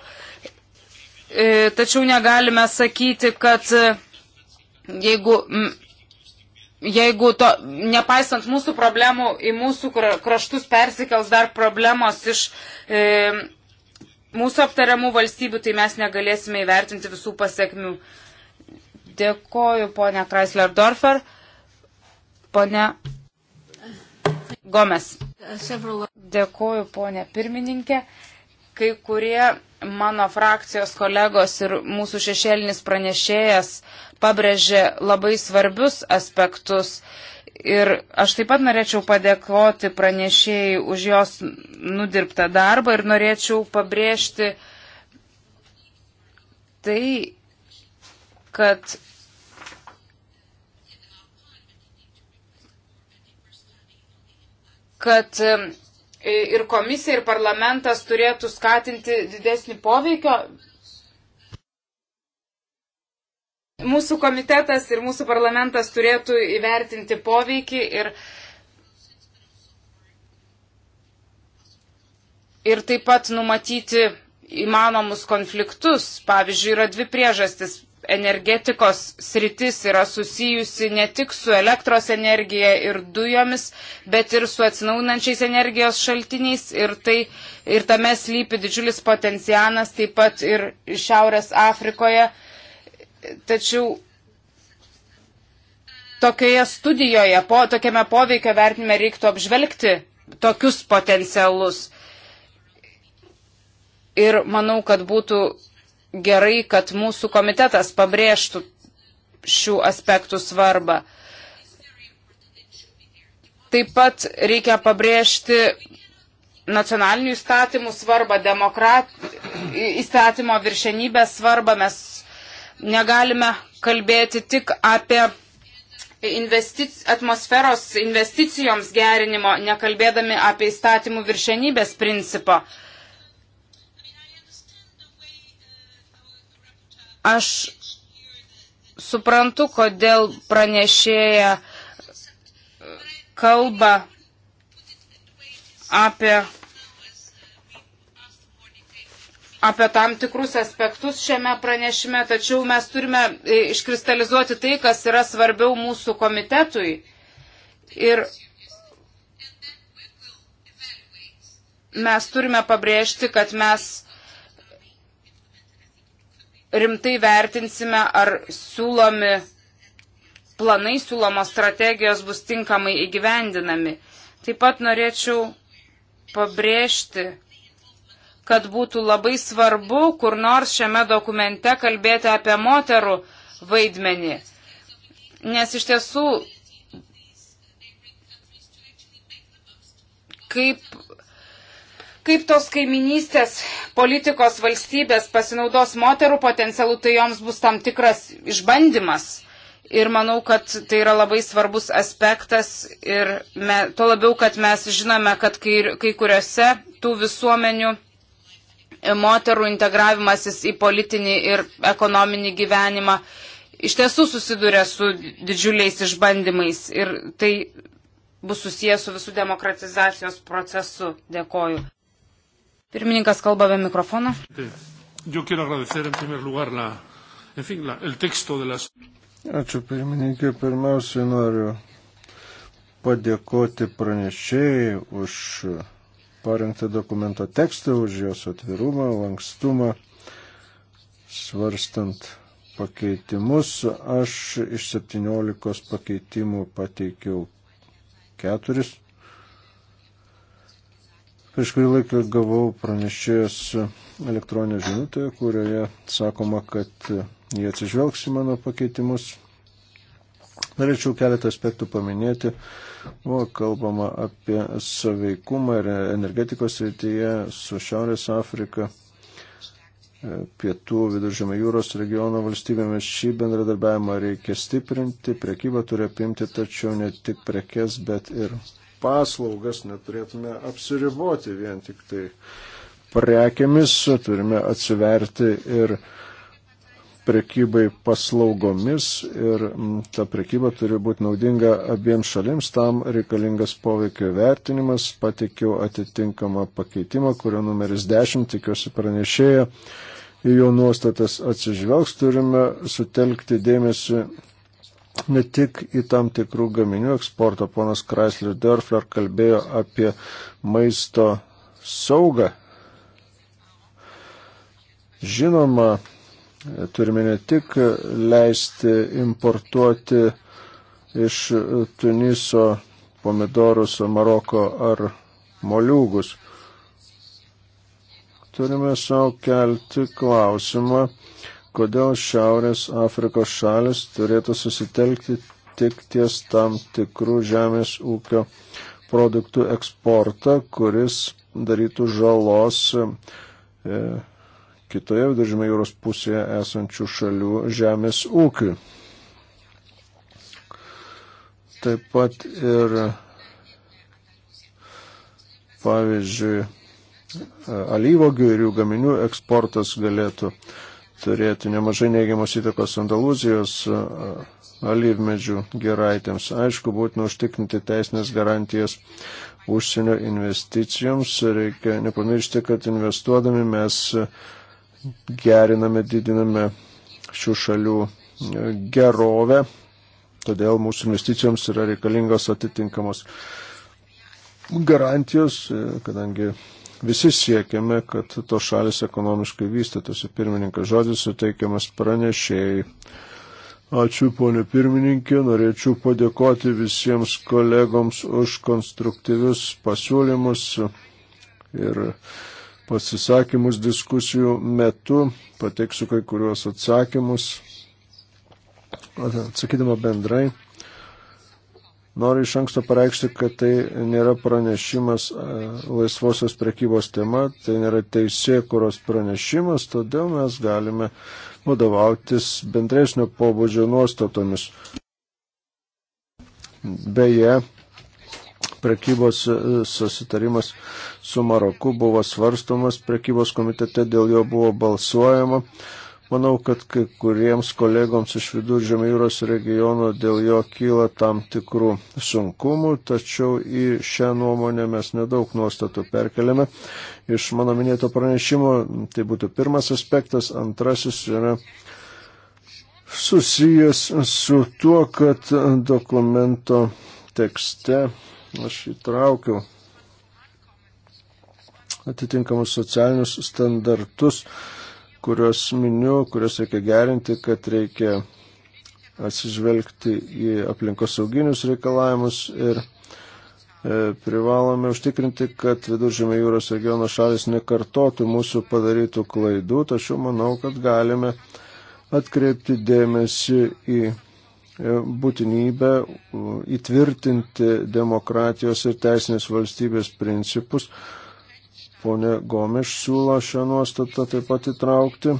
e, tačiau negalime sakyti, kad e, jeigu jeigu to, nepaisant mūsų problemų, į mūsų kraštus persikels dar problemos iš e, mūsų aptariamų valstybių, tai mes negalėsime įvertinti visų pasiekmių. Dėkoju, ponia Chrysler Dorfer. Pone Gomes. Dėkoju, ponia pirmininkė. Kai kurie mano frakcijos kolegos ir mūsų šešėlinis pranešėjas pabrėžė labai svarbius aspektus. Ir aš taip pat norėčiau padėkoti pranešėjai už jos nudirbtą darbą ir norėčiau pabrėžti tai, kad kad ir komisija, ir parlamentas turėtų skatinti didesnį poveikio. Mūsų komitetas ir mūsų parlamentas turėtų įvertinti poveikį ir, ir taip pat numatyti įmanomus konfliktus. Pavyzdžiui, yra dvi priežastis energetikos sritis yra susijusi ne tik su elektros energija ir dujomis, bet ir su atsinaunančiais energijos šaltiniais ir, tai, ir tame slypi didžiulis potencialas taip pat ir Šiaurės Afrikoje. Tačiau tokioje studijoje, po, tokiame poveikio vertinime reiktų apžvelgti tokius potencialus. Ir manau, kad būtų gerai, kad mūsų komitetas pabrėžtų šių aspektų svarbą. Taip pat reikia pabrėžti nacionalinių įstatymų svarbą, demokrat... įstatymo viršenybės svarbą. Mes negalime kalbėti tik apie investic... atmosferos investicijoms gerinimo, nekalbėdami apie įstatymų viršenybės principą. Uh, Aš suprantu, kodėl pranešėja kalba apie, apie tam tikrus aspektus šiame pranešime, tačiau mes turime e, iškristalizuoti tai, kas yra svarbiau mūsų komitetui. Ir mes turime pabrėžti, kad mes rimtai vertinsime, ar siūlomi planai, siūlomos strategijos bus tinkamai įgyvendinami. Taip pat norėčiau pabrėžti, kad būtų labai svarbu kur nors šiame dokumente kalbėti apie moterų vaidmenį. Nes iš tiesų, kaip Kaip tos kaiminystės politikos valstybės pasinaudos moterų potencialu, tai joms bus tam tikras išbandymas. Ir manau, kad tai yra labai svarbus aspektas ir me, to labiau, kad mes žinome, kad kai, kai kuriuose tų visuomenių moterų integravimasis į politinį ir ekonominį gyvenimą iš tiesų susiduria su didžiuliais išbandymais ir tai bus susijęs su visų demokratizacijos procesu. Dėkoju. Pirmininkas kalba be mikrofono. Ačiū pirmininkė, pirmiausiai noriu padėkoti pranešėjai už parengtą dokumento tekstą, už jos atvirumą, lankstumą, svarstant pakeitimus. Aš iš 17 pakeitimų pateikiau keturis Prieš kurį laiką gavau pranešėjos elektroninę žinutę, kurioje sakoma, kad jie atsižvelgs į mano pakeitimus. Norėčiau keletą aspektų paminėti. Buvo kalbama apie saveikumą ir energetikos rytyje su Šiaurės Afrika, pietų viduržėmio jūros regiono valstybėmis. Šį bendradarbiavimą reikia stiprinti, prekybą turi apimti tačiau ne tik prekes, bet ir paslaugas, neturėtume apsiriboti vien tik tai prekiamis, turime atsiverti ir prekybai paslaugomis ir ta prekyba turi būti naudinga abiems šalims, tam reikalingas poveikio vertinimas, pateikiau atitinkamą pakeitimą, kurio numeris 10, tikiuosi pranešėja, į jo nuostatas atsižvelgs, turime sutelkti dėmesį ne tik į tam tikrų gaminių eksportą. Ponas Chrysler Dörfler kalbėjo apie maisto saugą. Žinoma, turime ne tik leisti importuoti iš Tuniso pomidorus, Maroko ar moliūgus. Turime savo kelti klausimą, kodėl Šiaurės Afrikos šalis turėtų susitelkti tik ties tam tikrų žemės ūkio produktų eksportą, kuris darytų žalos e, kitoje viduržymė jūros pusėje esančių šalių žemės ūkiui. Taip pat ir, pavyzdžiui, e, alyvogių ir jų gaminių eksportas galėtų e, turėti nemažai neigiamos įtakos Andalūzijos alyvmedžių geraitėms. Aišku, būtina užtikrinti teisinės garantijas užsienio investicijoms. Reikia nepamiršti, kad investuodami mes geriname, didiname šių šalių e, gerovę, todėl mūsų investicijoms yra reikalingos atitinkamos garantijos, e, kadangi Visi siekiame, kad to šalis ekonomiškai vystytųsi. Pirmininkas žodis suteikiamas pranešėjai. Ačiū, ponė pirmininkė. Norėčiau padėkoti visiems kolegoms už konstruktyvius pasiūlymus ir pasisakymus diskusijų metu. Pateiksiu kai kuriuos atsakymus, atsakydama bendrai. Noriu iš anksto pareikšti, kad tai nėra pranešimas e, laisvosios prekybos tema, tai nėra teisė, kurios pranešimas, todėl mes galime vadovautis bendresnio pobūdžio nuostatomis. Beje, prekybos e, susitarimas su Maroku buvo svarstomas, prekybos komitete dėl jo buvo balsuojama. Manau, kad kai kuriems kolegoms iš viduržėmio jūros regiono dėl jo kyla tam tikrų sunkumų, tačiau į šią nuomonę mes nedaug nuostatų perkeliame. Iš mano minėto pranešimo tai būtų pirmas aspektas, antrasis yra susijęs su tuo, kad dokumento tekste aš įtraukiau atitinkamus socialinius standartus kuriuos miniu, kuriuos reikia gerinti, kad reikia atsižvelgti į aplinkosauginius reikalavimus ir e, privalome užtikrinti, kad viduržėmė jūros regiono šalis nekartotų mūsų padarytų klaidų, tačiau manau, kad galime atkreipti dėmesį į e, būtinybę įtvirtinti demokratijos ir teisinės valstybės principus Pone Gomiš siūlo šią nuostatą taip pat įtraukti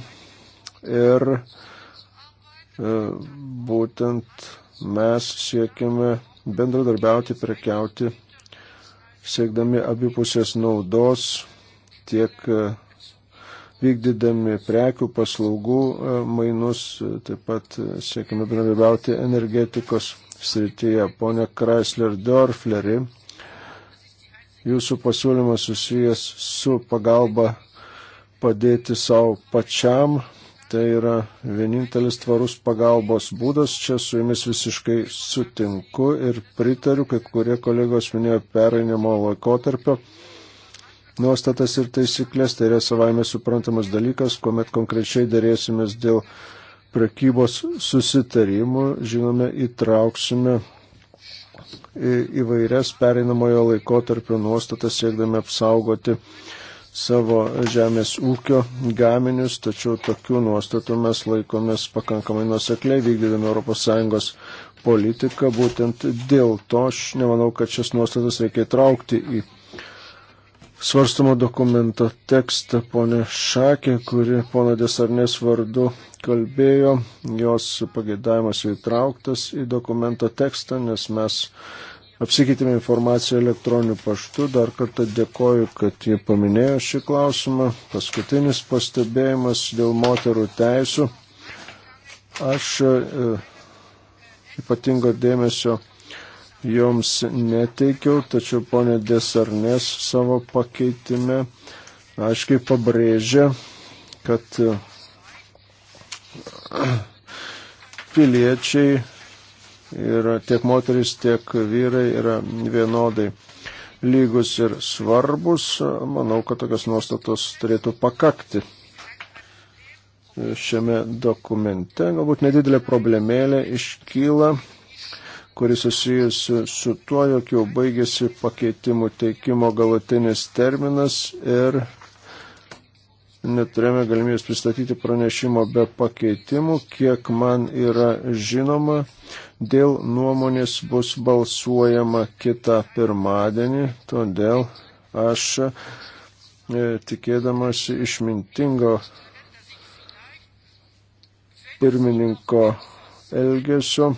ir e, būtent mes siekime bendradarbiauti, prekiauti, siekdami abipusės naudos tiek e, vykdydami prekių paslaugų e, mainus, taip pat siekime bendradarbiauti energetikos srityje. Pone Chrysler Dörfleri jūsų pasiūlymas susijęs su pagalba padėti savo pačiam. Tai yra vienintelis tvarus pagalbos būdas. Čia su jumis visiškai sutinku ir pritariu, kai kurie kolegos minėjo pereinimo laikotarpio nuostatas ir taisyklės. Tai yra savaime suprantamas dalykas, kuomet konkrečiai dėrėsimės dėl prekybos susitarimų, žinome, įtrauksime įvairias pereinamojo laikotarpio nuostatas siekdami apsaugoti savo žemės ūkio gaminius, tačiau tokių nuostatų mes laikomės pakankamai nusekliai vykdydami ES politiką. Būtent dėl to aš nemanau, kad šias nuostatas reikia įtraukti į svarstamo dokumento tekstą ponė Šakė, kuri pono Desarnės vardu kalbėjo, jos pageidavimas įtrauktas į dokumento tekstą, nes mes apsikeitėme informaciją elektroniniu paštu. Dar kartą dėkoju, kad jie paminėjo šį klausimą. Paskutinis pastebėjimas dėl moterų teisų. Aš e, ypatingo dėmesio jums neteikiau, tačiau ponė Desarnės savo pakeitime aiškiai pabrėžia, kad [clears throat] piliečiai yra tiek moteris, tiek vyrai yra vienodai lygus ir svarbus. Manau, kad tokios nuostatos turėtų pakakti šiame dokumente. Galbūt nedidelė problemėlė iškyla kuris susijęs su tuo, jog jau baigėsi pakeitimų teikimo galutinis terminas ir neturėjome galimybės pristatyti pranešimo be pakeitimų, kiek man yra žinoma, dėl nuomonės bus balsuojama kitą pirmadienį, todėl aš e, tikėdamas išmintingo pirmininko elgesio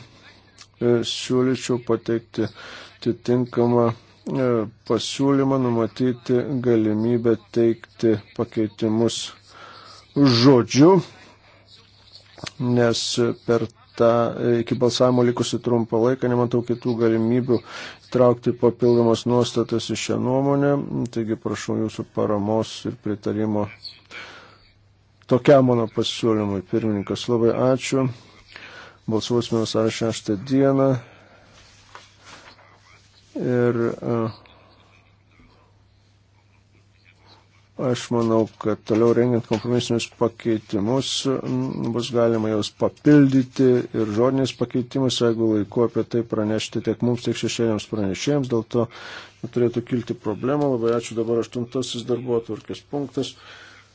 E, siūlyčiau pateikti atitinkamą e, pasiūlymą, numatyti galimybę teikti pakeitimus žodžiu, nes per tą iki balsavimo likusi trumpą laiką nematau kitų galimybių traukti papildomas nuostatas į šią nuomonę, taigi prašau jūsų paramos ir pritarimo tokiam mano pasiūlymui. Pirmininkas, labai ačiū balsuosime vasario 6 dieną. Ir e, aš manau, kad toliau rengiant kompromisinius pakeitimus bus galima juos papildyti ir žodiniais pakeitimus, jeigu laiku apie tai pranešti tiek mums, tiek šešėliams pranešėjams. Dėl to turėtų kilti problemų. Labai ačiū dabar aštuntasis darbo atvarkės punktas.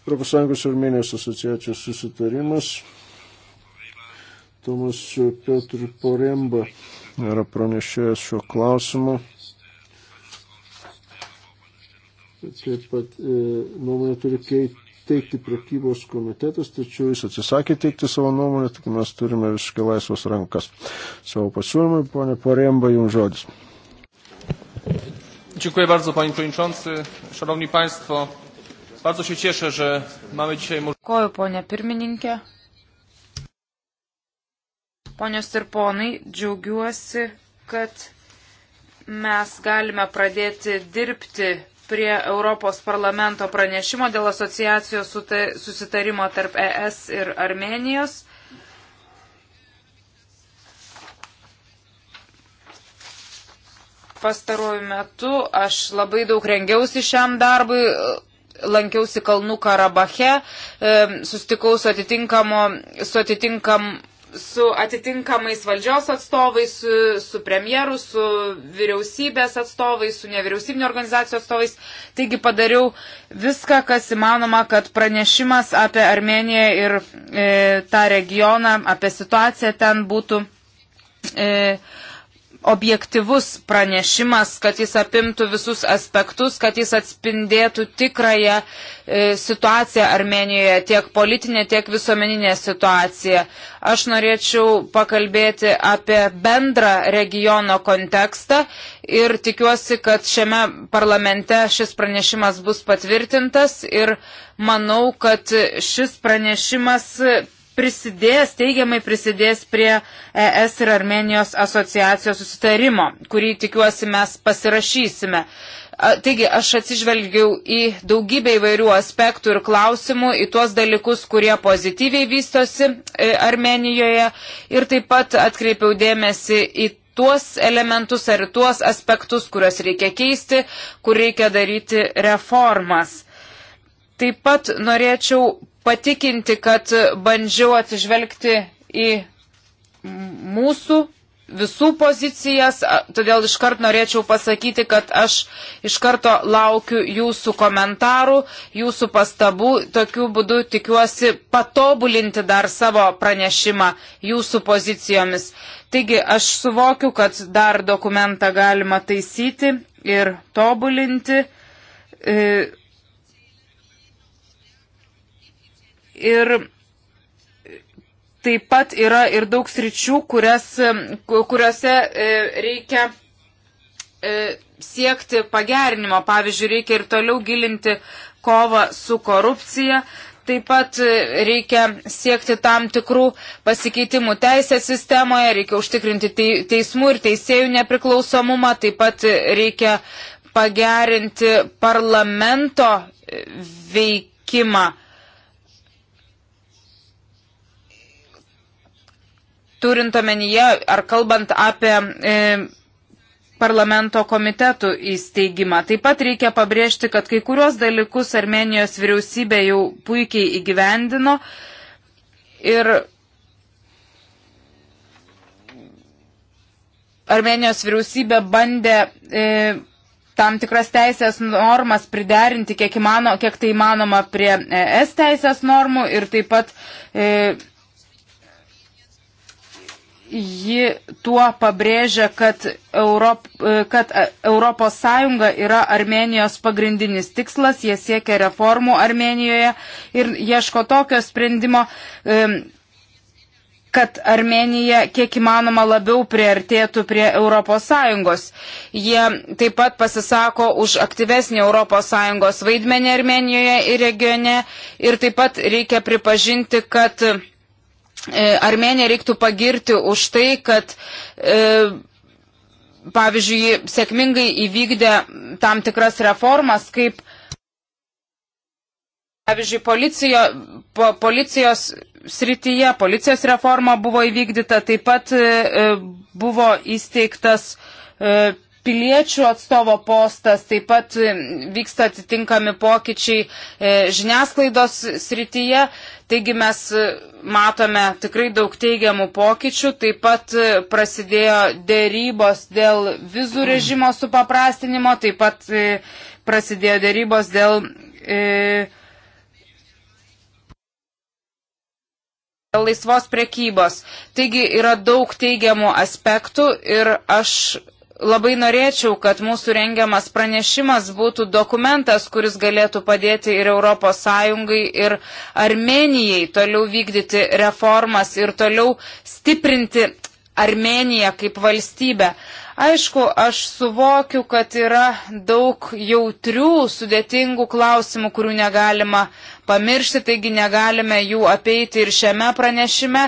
ES ir Minijos asociacijos susitarimas. Tomas Piotr Poremba yra pranešėjęs šiuo klausimu. Taip pat e, nuomonę turi teikti prekybos komitetas, tačiau jis atsisakė teikti savo nuomonę, tik mes turime visiškai laisvas rankas. Savo pasiūlymai, ponė Poremba, jums žodis. Dziękuję bardzo, panie przewodniczący. Szanowni państwo, bardzo się cieszę, że mamy dzisiaj możliwość. Dziękuję, panie pirmininkie. Ponios ir ponai, džiaugiuosi, kad mes galime pradėti dirbti prie Europos parlamento pranešimo dėl asociacijos susitarimo tarp ES ir Armenijos. Pastaruoju metu aš labai daug rengiausi šiam darbui, lankiausi Kalnų Karabache, sustikau su, atitinkamo, su atitinkam su atitinkamais valdžios atstovais, su, su premjeru, su vyriausybės atstovais, su nevyriausybinio organizacijų atstovais. Taigi padariau viską, kas įmanoma, kad pranešimas apie Armeniją ir e, tą regioną, apie situaciją ten būtų e, objektivus pranešimas, kad jis apimtų visus aspektus, kad jis atspindėtų tikrąją e, situaciją Armenijoje, tiek politinę, tiek visuomeninę situaciją. Aš norėčiau pakalbėti apie bendrą regiono kontekstą ir tikiuosi, kad šiame parlamente šis pranešimas bus patvirtintas ir manau, kad šis pranešimas prisidės, teigiamai prisidės prie ES ir Armenijos asociacijos susitarimo, kurį tikiuosi mes pasirašysime. Taigi, aš atsižvelgiau į daugybę įvairių aspektų ir klausimų, į tuos dalykus, kurie pozityviai vystosi e, Armenijoje ir taip pat atkreipiau dėmesį į tuos elementus ar tuos aspektus, kuriuos reikia keisti, kur reikia daryti reformas. Taip pat norėčiau patikinti, kad bandžiau atsižvelgti į mūsų visų pozicijas, todėl iškart norėčiau pasakyti, kad aš iš karto laukiu jūsų komentarų, jūsų pastabų, tokiu būdu tikiuosi patobulinti dar savo pranešimą jūsų pozicijomis. Taigi aš suvokiu, kad dar dokumentą galima taisyti ir tobulinti. E, Ir taip pat yra ir daug sričių, kurias, kuriuose e, reikia e, siekti pagerinimo. Pavyzdžiui, reikia ir toliau gilinti kovą su korupcija. Taip pat e, reikia siekti tam tikrų pasikeitimų teisės sistemoje, reikia užtikrinti teismų ir teisėjų nepriklausomumą, taip pat reikia pagerinti parlamento veikimą. turint omenyje ar kalbant apie e, parlamento komitetų įsteigimą. Taip pat reikia pabrėžti, kad kai kurios dalykus Armenijos vyriausybė jau puikiai įgyvendino ir Armenijos vyriausybė bandė e, tam tikras teisės normas priderinti, kiek, įmano, kiek tai įmanoma prie e, ES teisės normų ir taip pat e, ji tuo pabrėžia, kad, Europ, kad e, Europos Sąjunga yra Armenijos pagrindinis tikslas, jie siekia reformų Armenijoje ir ieško tokio sprendimo, kad Armenija kiek įmanoma labiau priartėtų prie ES. Jie taip pat pasisako už aktyvesnį ES vaidmenį Armenijoje ir regione ir taip pat reikia pripažinti, kad E, Armeniją reiktų pagirti už tai, kad e, pavyzdžiui, sėkmingai įvykdė tam tikras reformas, kaip pavyzdžiui, policijo, po, policijos srityje, policijos reforma buvo įvykdyta, taip pat e, e buvo įsteigtas e, piliečių atstovo postas, taip pat vyksta atitinkami pokyčiai e, žiniasklaidos srityje, taigi mes e, matome tikrai daug teigiamų pokyčių, taip pat e, prasidėjo dėrybos dėl vizų režimo supaprastinimo, taip pat prasidėjo dėrybos dėl. E, laisvos prekybos. Taigi yra daug teigiamų aspektų ir aš labai norėčiau, kad mūsų rengiamas pranešimas būtų dokumentas, kuris galėtų padėti ir ES, ir Armenijai toliau vykdyti reformas ir toliau stiprinti Armeniją kaip valstybę. Aišku, aš suvokiu, kad yra daug jautrių, sudėtingų klausimų, kurių negalima pamiršti, taigi negalime jų apeiti ir šiame pranešime.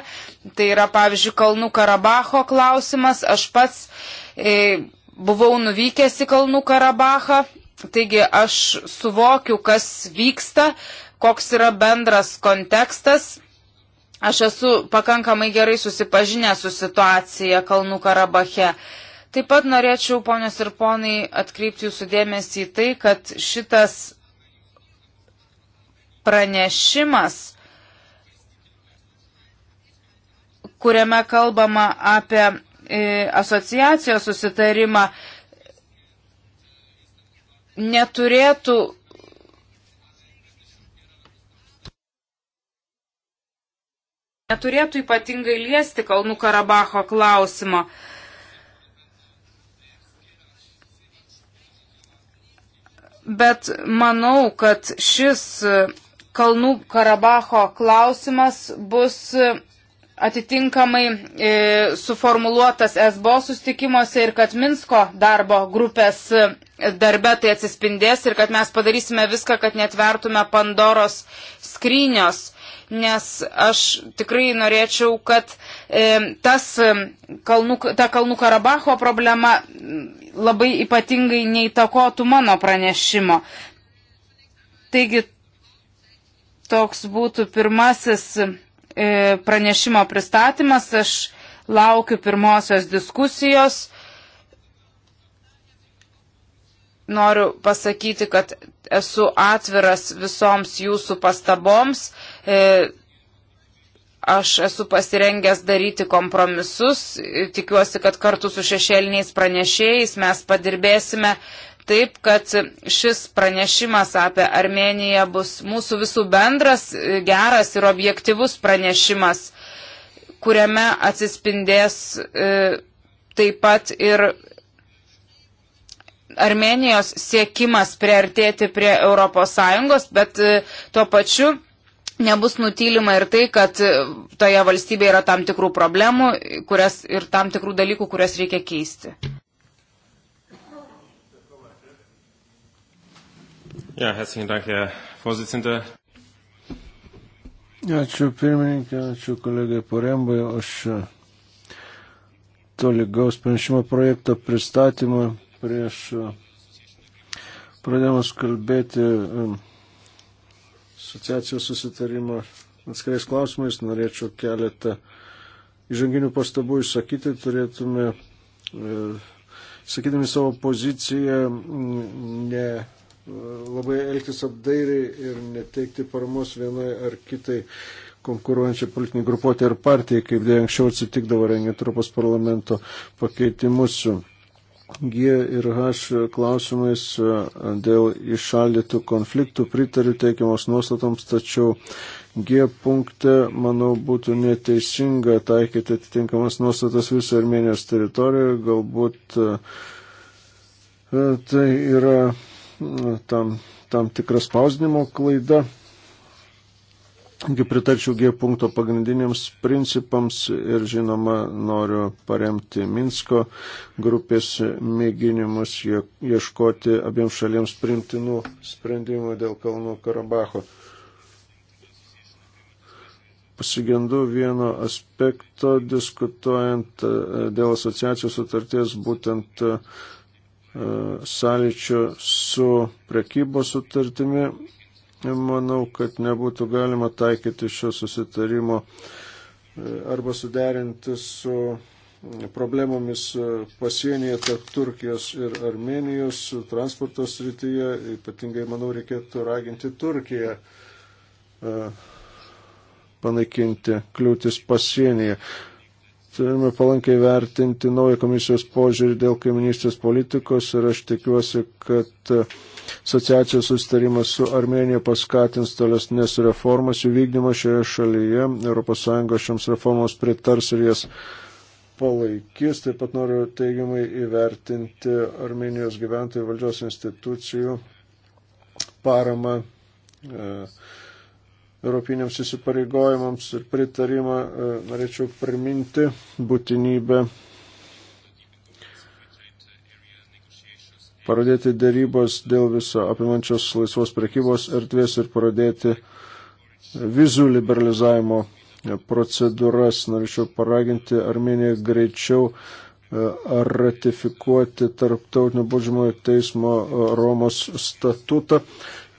Tai yra, pavyzdžiui, Kalnų Karabacho klausimas. Aš pats E, buvau nuvykęs į Kalnų Karabachą, taigi aš suvokiu, kas vyksta, koks yra bendras kontekstas. Aš esu pakankamai gerai susipažinęs su situacija Kalnų Karabache. Taip pat norėčiau, ponios ir ponai, atkreipti jūsų dėmesį į tai, kad šitas pranešimas, kuriame kalbama apie asociacijos susitarimą neturėtų neturėtų ypatingai liesti Kalnų Karabacho klausimo. Bet manau, kad šis Kalnų Karabacho klausimas bus atitinkamai e, suformuluotas SBO sustikimuose ir kad Minsko darbo grupės e, darbe tai atsispindės ir kad mes padarysime viską, kad netvertume Pandoros skrynios. Nes aš tikrai norėčiau, kad e, tas e, kalnų, ta Kalnų Karabacho problema labai ypatingai neįtakotų mano pranešimo. Taigi toks būtų pirmasis E, pranešimo pristatymas. Aš laukiu pirmosios diskusijos. Noriu pasakyti, kad esu atviras visoms jūsų pastaboms. E, aš esu pasirengęs daryti kompromisus. Tikiuosi, kad kartu su šešėliniais pranešėjais mes padirbėsime taip, kad šis pranešimas apie Armeniją bus mūsų visų bendras, geras ir objektivus pranešimas, kuriame atsispindės e, taip pat ir Armenijos siekimas priartėti prie ES, bet e, tuo pačiu nebus nutylima ir tai, kad toje valstybėje yra tam tikrų problemų kurias, ir tam tikrų dalykų, kurias reikia keisti. Ja, herzlichen Dank, Herr Vorsitzender. Ačiū pirmininkė, ačiū kolegai Porembai už e, tolygaus pranešimo projekto pristatymą prieš e, pradėmus kalbėti e, asociacijos susitarimą atskirais klausimais. Norėčiau keletą įžanginių pastabų išsakyti. Turėtume, sakydami savo poziciją, ne labai elgtis apdairiai ir neteikti paramos vienai ar kitai konkuruojančiai politiniai grupuotė ir partijai, kaip dėl anksčiau atsitikdavo rengiant Europos parlamento pakeitimus. G ir H klausimais e, dėl išaldytų konfliktų pritariu teikiamos nuostatoms, tačiau G punkte, manau, būtų neteisinga taikyti atitinkamas nuostatas visą Armenijos teritoriją. Galbūt e, e, tai yra tam, tam tikra spausdinimo klaida. Taigi pritarčiau G punkto pagrindiniams principams ir žinoma noriu paremti Minsko grupės mėginimus ieškoti abiems šaliems primtinų sprendimų dėl Kalnų Karabacho. Pasigendu vieno aspekto diskutuojant e, dėl asociacijos sutarties būtent uh, sąlyčio su prekybos sutartimi. Manau, kad nebūtų galima taikyti šio susitarimo e, arba suderinti su e, problemomis e, pasienyje tarp Turkijos ir Armenijos transporto srityje. Ypatingai, manau, reikėtų raginti Turkiją panaikinti kliūtis pasienyje turime palankiai vertinti naują komisijos požiūrį dėl kaiminystės politikos ir aš tikiuosi, kad asociacijos sustarimas su Armenija paskatins tolesnės reformas jų vykdymą šioje šalyje. ES šioms reformos pritars ir jas palaikys. Taip pat noriu teigiamai įvertinti Armenijos gyventojų valdžios institucijų paramą. E, europiniams įsipareigojimams ir pritarimą, e, norėčiau priminti būtinybę pradėti dėrybos dėl viso apimančios laisvos prekybos erdvės ir pradėti vizų liberalizavimo procedūras. Norėčiau paraginti Armeniją greičiau e, ratifikuoti tarptautinio baudžiamojo teismo e, Romos statutą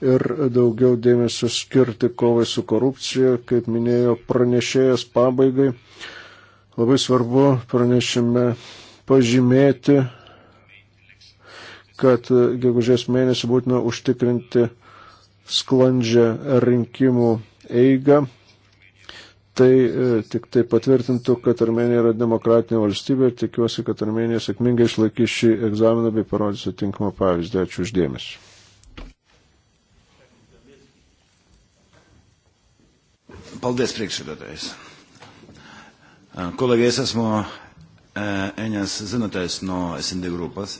ir daugiau dėmesio skirti kovai su korupcija, kaip minėjo pranešėjas pabaigai. Labai svarbu pranešime pažymėti, kad gegužės mėnesį būtina užtikrinti sklandžią rinkimų eigą. Tai e, tik tai patvirtintų, kad Armenija yra demokratinė valstybė ir tikiuosi, kad Armenija sėkmingai išlaikys šį egzaminą bei parodys atinkamą pavyzdį. Ačiū uždėmesi. Paldies, priekšsēdētājs. Kolēģis, esmu Eņas Zinotais no SND grupas.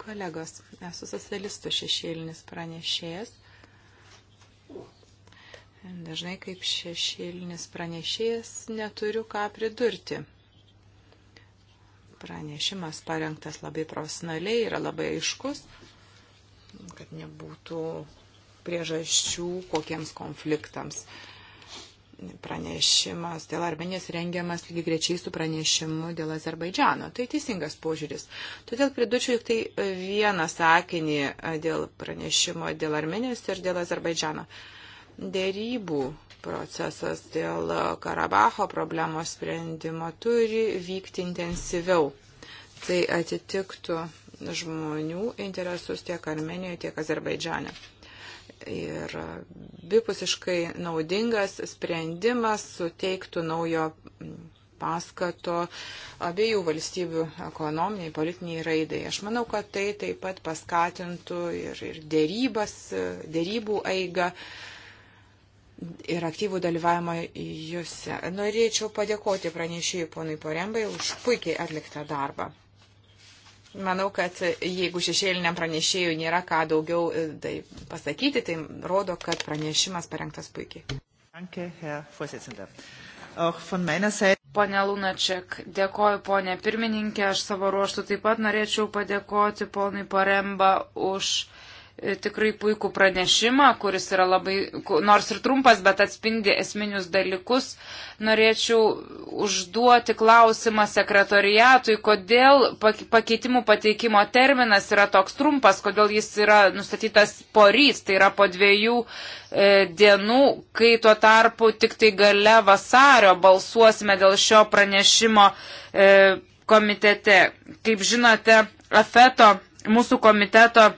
Kolegos, esu socialistų šešėlinis pranešėjas. Dažnai kaip šešėlinis pranešėjas neturiu ką pridurti pranešimas parengtas labai profesionaliai, yra labai aiškus, kad nebūtų priežasčių kokiems konfliktams pranešimas dėl Armenijos rengiamas lygiai grečiai su pranešimu dėl Azerbaidžiano. Tai teisingas požiūris. Todėl pridučiau tik tai e, vieną sakinį e, dėl pranešimo dėl Armenijos ir dėl Azerbaidžiano. Dėrybų procesas dėl Karabaho problemos sprendimo turi vykti intensyviau. Tai atitiktų žmonių interesus tiek Armenijoje, tiek Azerbaidžiane ir bipusiškai naudingas sprendimas suteiktų naujo paskato abiejų valstybių ekonominiai, politiniai raidai. Aš manau, kad tai taip pat paskatintų ir, ir dėrybas, dėrybų eigą ir aktyvų dalyvavimą juose. Norėčiau padėkoti pranešėjui ponui Porembai už puikiai atliktą darbą. Manau, kad jeigu šešėliniam pranešėjui nėra ką daugiau e, tai pasakyti, tai rodo, kad pranešimas parengtas puikiai. Danke, Herr Vorsitzender. Auch von meiner Seite. Pone Lunačiak, dėkoju ponė pirmininkė, aš savo ruoštų taip pat norėčiau padėkoti ponui Paremba už E, tikrai puikų pranešimą, kuris yra labai, nors ir trumpas, bet atspindi esminius dalykus. Norėčiau užduoti klausimą sekretoriatui, kodėl pakeitimų pateikimo terminas yra toks trumpas, kodėl jis yra nustatytas po ryt, tai yra po dviejų e, dienų, kai tuo tarpu tik tai gale vasario balsuosime dėl šio pranešimo e, komitete. Kaip žinote, afeto mūsų komiteto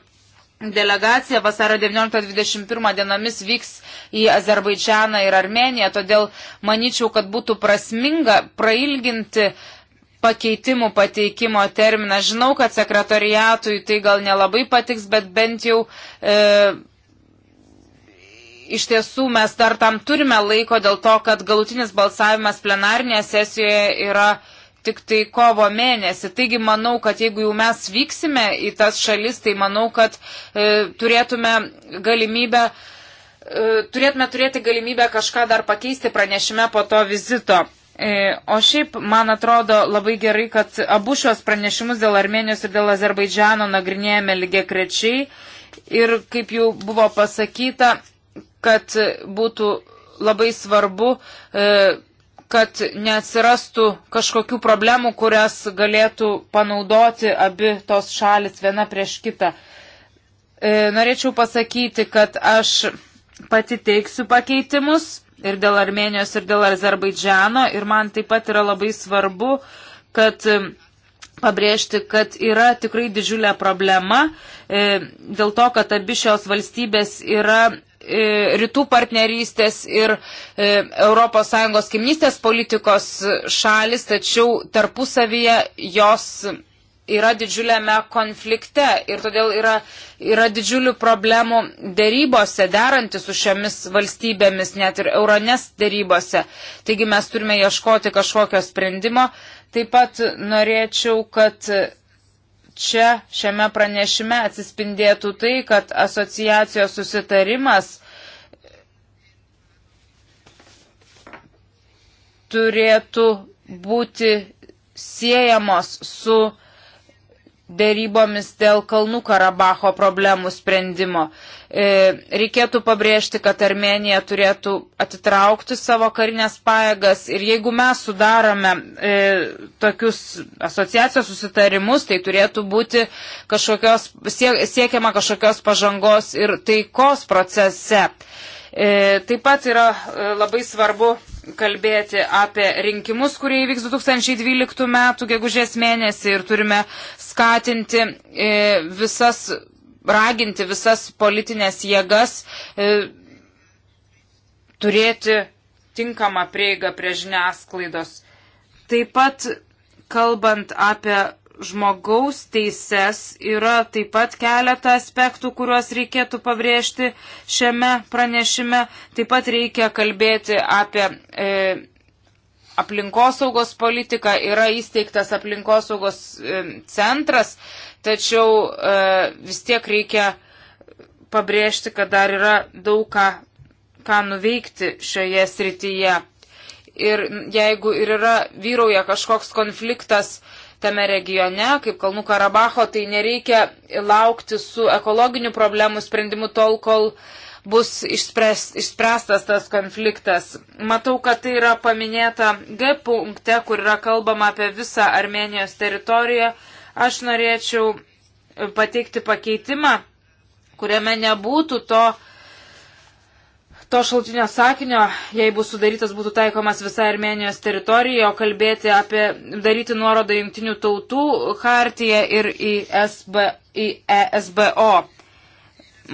Delegacija vasaro 19-21 dienomis vyks į Azerbaidžianą ir Armeniją, todėl manyčiau, kad būtų prasminga prailginti pakeitimų pateikimo terminą. Žinau, kad sekretariatui tai gal nelabai patiks, bet bent jau e, iš tiesų mes dar tam turime laiko dėl to, kad galutinis balsavimas plenarnėje sesijoje yra tik tai kovo mėnesį. Taigi manau, kad jeigu jau mes vyksime į tas šalis, tai manau, kad e, turėtume galimybę. E, turėtume turėti galimybę kažką dar pakeisti pranešime po to vizito. E, o šiaip, man atrodo, labai gerai, kad abu šios pranešimus dėl Armenijos ir dėl Azerbaidžiano nagrinėjame lygiai krečiai. Ir kaip jau buvo pasakyta, kad būtų labai svarbu e, kad neatsirastų kažkokių problemų, kurias galėtų panaudoti abi tos šalis viena prieš kitą. E, norėčiau pasakyti, kad aš pati teiksiu pakeitimus ir dėl Armenijos, ir dėl Azerbaidžiano, ir man taip pat yra labai svarbu, kad e, pabrėžti, kad yra tikrai didžiulė problema e, dėl to, kad abi šios valstybės yra E, rytų partnerystės ir ES kaimnystės politikos šalis, tačiau tarpusavyje jos yra didžiuliame konflikte ir todėl yra, yra didžiulių problemų dėrybose, derantis su šiomis valstybėmis, net ir Euronės dėrybose. Taigi mes turime ieškoti kažkokio sprendimo. Taip pat norėčiau, kad čia šiame pranešime atsispindėtų tai, kad asociacijos susitarimas turėtų būti siejamos su dėrybomis dėl Kalnų Karabacho problemų sprendimo. E, reikėtų pabrėžti, kad Armenija turėtų atitraukti savo karinės paėgas ir jeigu mes sudarome e, tokius asociacijos susitarimus, tai turėtų būti kažkokios, siekiama kažkokios pažangos ir taikos procese. E, taip pat yra e, labai svarbu kalbėti apie rinkimus, kurie įvyks 2012 metų gegužės mėnesį ir turime skatinti e, visas, raginti visas politinės jėgas e, turėti tinkamą prieigą prie žiniasklaidos. Taip pat, kalbant apie žmogaus teises yra taip pat keletą aspektų, kuriuos reikėtų pabrėžti šiame pranešime. Taip pat reikia kalbėti apie e, aplinkosaugos politiką. Yra įsteigtas aplinkosaugos e, centras, tačiau e, vis tiek reikia pabrėžti, kad dar yra daug ką, ką nuveikti šioje srityje. Ir jeigu ir yra vyrauja kažkoks konfliktas, tame regione, kaip Kalnų Karabacho, tai nereikia laukti su ekologinių problemų sprendimu tol, kol bus išspręs, išspręstas tas konfliktas. Matau, kad tai yra paminėta G punkte, kur yra kalbama apie visą Armenijos teritoriją. Aš norėčiau pateikti pakeitimą, kuriame nebūtų to, to šaltinio sakinio, jei bus sudarytas, būtų taikomas visai Armenijos teritorijai, o kalbėti apie daryti nuorodą jungtinių tautų hartiją ir į, SB, į ESBO.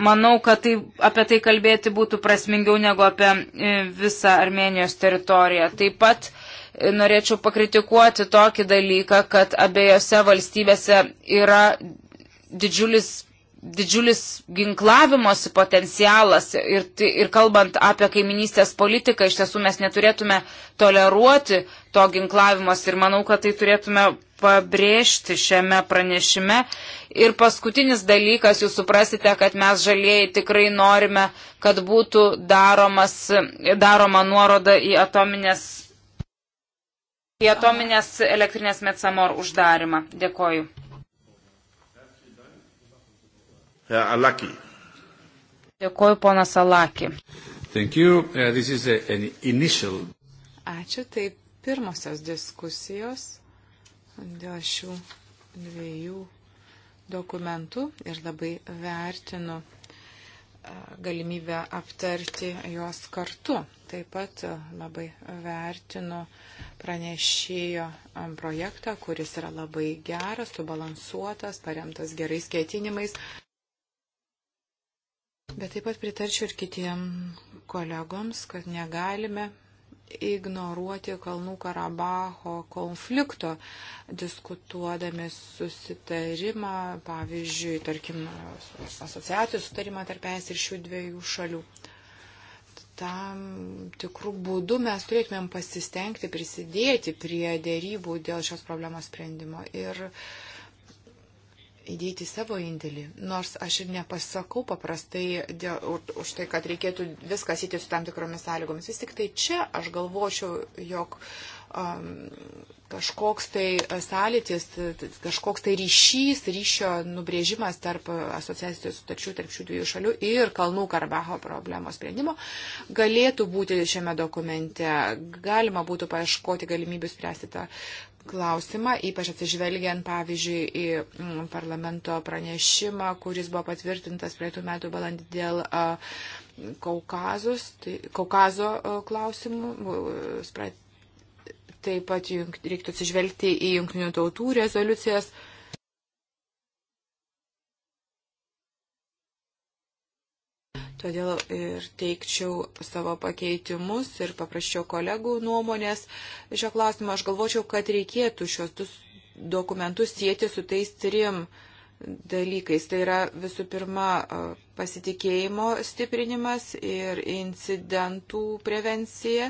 Manau, kad tai, apie tai kalbėti būtų prasmingiau negu apie e, visą Armenijos teritoriją. Taip pat e, norėčiau pakritikuoti tokį dalyką, kad abiejose valstybėse yra didžiulis didžiulis ginklavimosi potencialas ir, ir kalbant apie kaiminystės politiką, iš tiesų mes neturėtume toleruoti to ginklavimos ir manau, kad tai turėtume pabrėžti šiame pranešime. Ir paskutinis dalykas, jūs suprasite, kad mes žalieji tikrai norime, kad būtų daromas, daroma nuoroda į atominės, į atominės elektrinės metsamor uždarimą. Dėkoju. Alaki. Dėkuoju, ponas Alaki. Uh, initial... Ačiū, tai pirmosios diskusijos dėl šių dviejų dokumentų ir labai vertinu uh, galimybę aptarti juos kartu. Taip pat uh, labai vertinu pranešėjo um, projektą, kuris yra labai geras, subalansuotas, paremtas gerais ketinimais. Bet taip pat pritarčiau ir kitiem kolegoms, kad negalime ignoruoti Kalnų Karabaho konflikto, diskutuodami susitarimą, pavyzdžiui, tarkim, asociacijos sutarimą tarp es ir šių dviejų šalių. Tam tikrų būdų mes turėtumėm pasistengti prisidėti prie dėrybų dėl šios problemos sprendimo. Ir uh, įdėti savo indėlį. Nors aš ir nepasakau paprastai dėl, už tai, kad reikėtų viską sėti su tam tikromis sąlygomis. Vis tik tai čia aš galvočiau, jog um, kažkoks tai sąlytis, kažkoks tai ryšys, ryšio nubrėžimas tarp asociacijos sutarčių, tarp šių dviejų šalių ir Kalnų Karabaho problemos sprendimo galėtų būti šiame dokumente. Galima būtų paieškoti galimybių spręsti tą klausimą, ypač atsižvelgiant, pavyzdžiui, į mm, parlamento pranešimą, kuris buvo patvirtintas praeitų metų balandį dėl Kaukazos, tai, Kaukazo klausimų. Taip pat reiktų atsižvelgti į jungtinių tautų rezoliucijas Todėl ir teikčiau savo pakeitimus ir papraščiau kolegų nuomonės šio klausimo. Aš galvočiau, kad reikėtų šios du dokumentus sieti su tais trim dalykais. Tai yra visų pirma pasitikėjimo stiprinimas ir incidentų prevencija,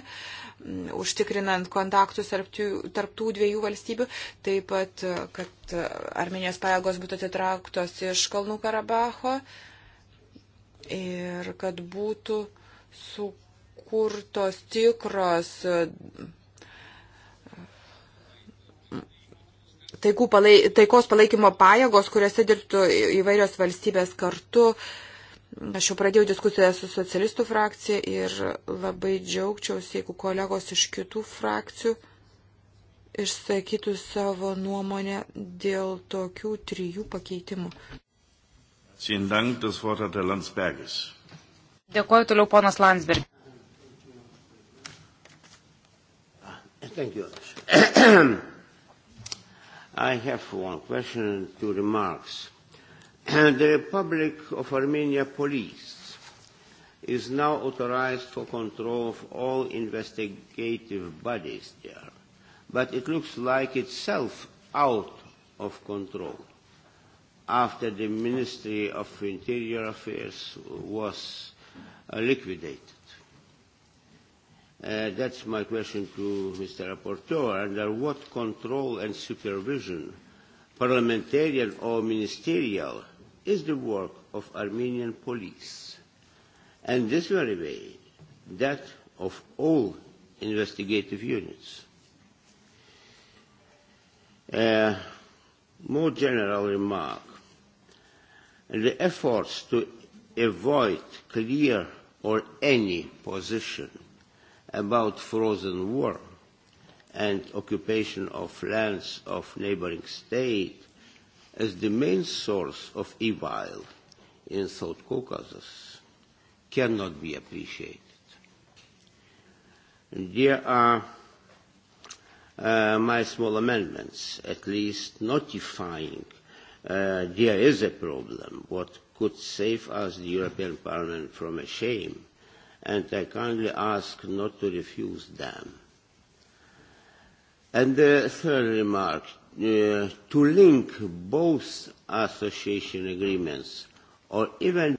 užtikrinant kontaktus tarp tų, tarp tų dviejų valstybių, taip pat, kad Armenijos pajėgos būtų atitrauktos iš Kalnų Karabacho. Uh, ir kad būtų sukurtos tikros taikų palai, taikos palaikymo pajėgos, kuriuose dirbtų įvairios valstybės kartu. Aš jau pradėjau diskusiją su socialistų frakcija ir labai džiaugčiausi, jeigu kolegos iš kitų frakcijų išsakytų savo nuomonę dėl tokių trijų pakeitimų. Vielen Dank. Das Wort hat Herr Landsbergis. Dėkuoju toliau ponas Landsberg. Ah, thank you. [clears throat] I have one question and two remarks. [clears throat] the Republic of Armenia police is now authorized for control of all investigative bodies there, but it looks like itself out of control after the Ministry of Interior Affairs was uh, liquidated. Uh, that's my question to Mr. Rapporteur. Under what control and supervision, parliamentarian or ministerial, is the work of Armenian police? And this very way, that of all investigative units. Uh, more general remark the efforts to avoid clear or any position about frozen war and occupation of lands of neighboring state as the main source of evil in South Caucasus cannot be appreciated. There are uh, my small amendments, at least notifying uh, there is a problem. What could save us, the European Parliament, from a shame? And I kindly ask not to refuse them. And the third remark, uh, to link both association agreements or even...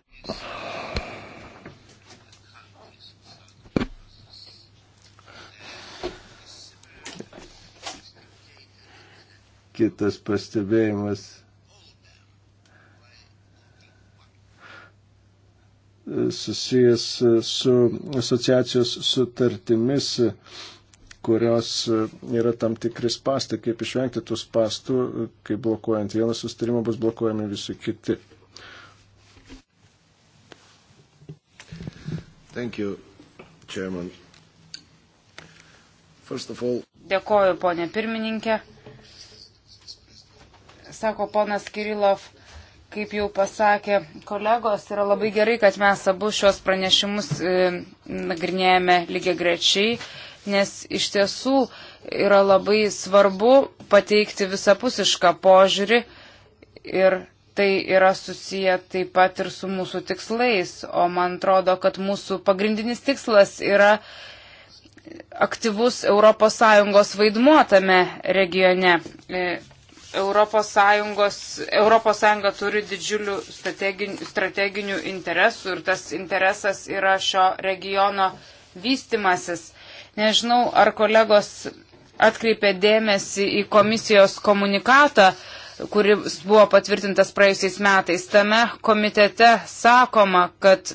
Kitas pastebėjimas susijęs e, su asociacijos sutartimis, kurios e, yra tam tikris pastai, kaip išvengti tų pastų, e, kai blokuojant vieną sustarimą bus blokuojami visi kiti. Thank you, Chairman. First of all. Dėkoju, ponė pirmininkė. Sako ponas Kirilov kaip jau pasakė kolegos, yra labai gerai, kad mes abu šios pranešimus e, nagrinėjame lygiai grečiai, nes iš tiesų yra labai svarbu pateikti visapusišką požiūrį ir tai yra susiję taip pat ir su mūsų tikslais, o man atrodo, kad mūsų pagrindinis tikslas yra aktyvus ES vaidmuo tame regione. E, Europos, Sąjungos, Europos Sąjunga turi didžiulių strateginių, strateginių interesų ir tas interesas yra šio regiono vystimasis. Nežinau, ar kolegos atkreipė dėmesį į komisijos komunikatą, kuris buvo patvirtintas praėjusiais metais. Tame komitete sakoma, kad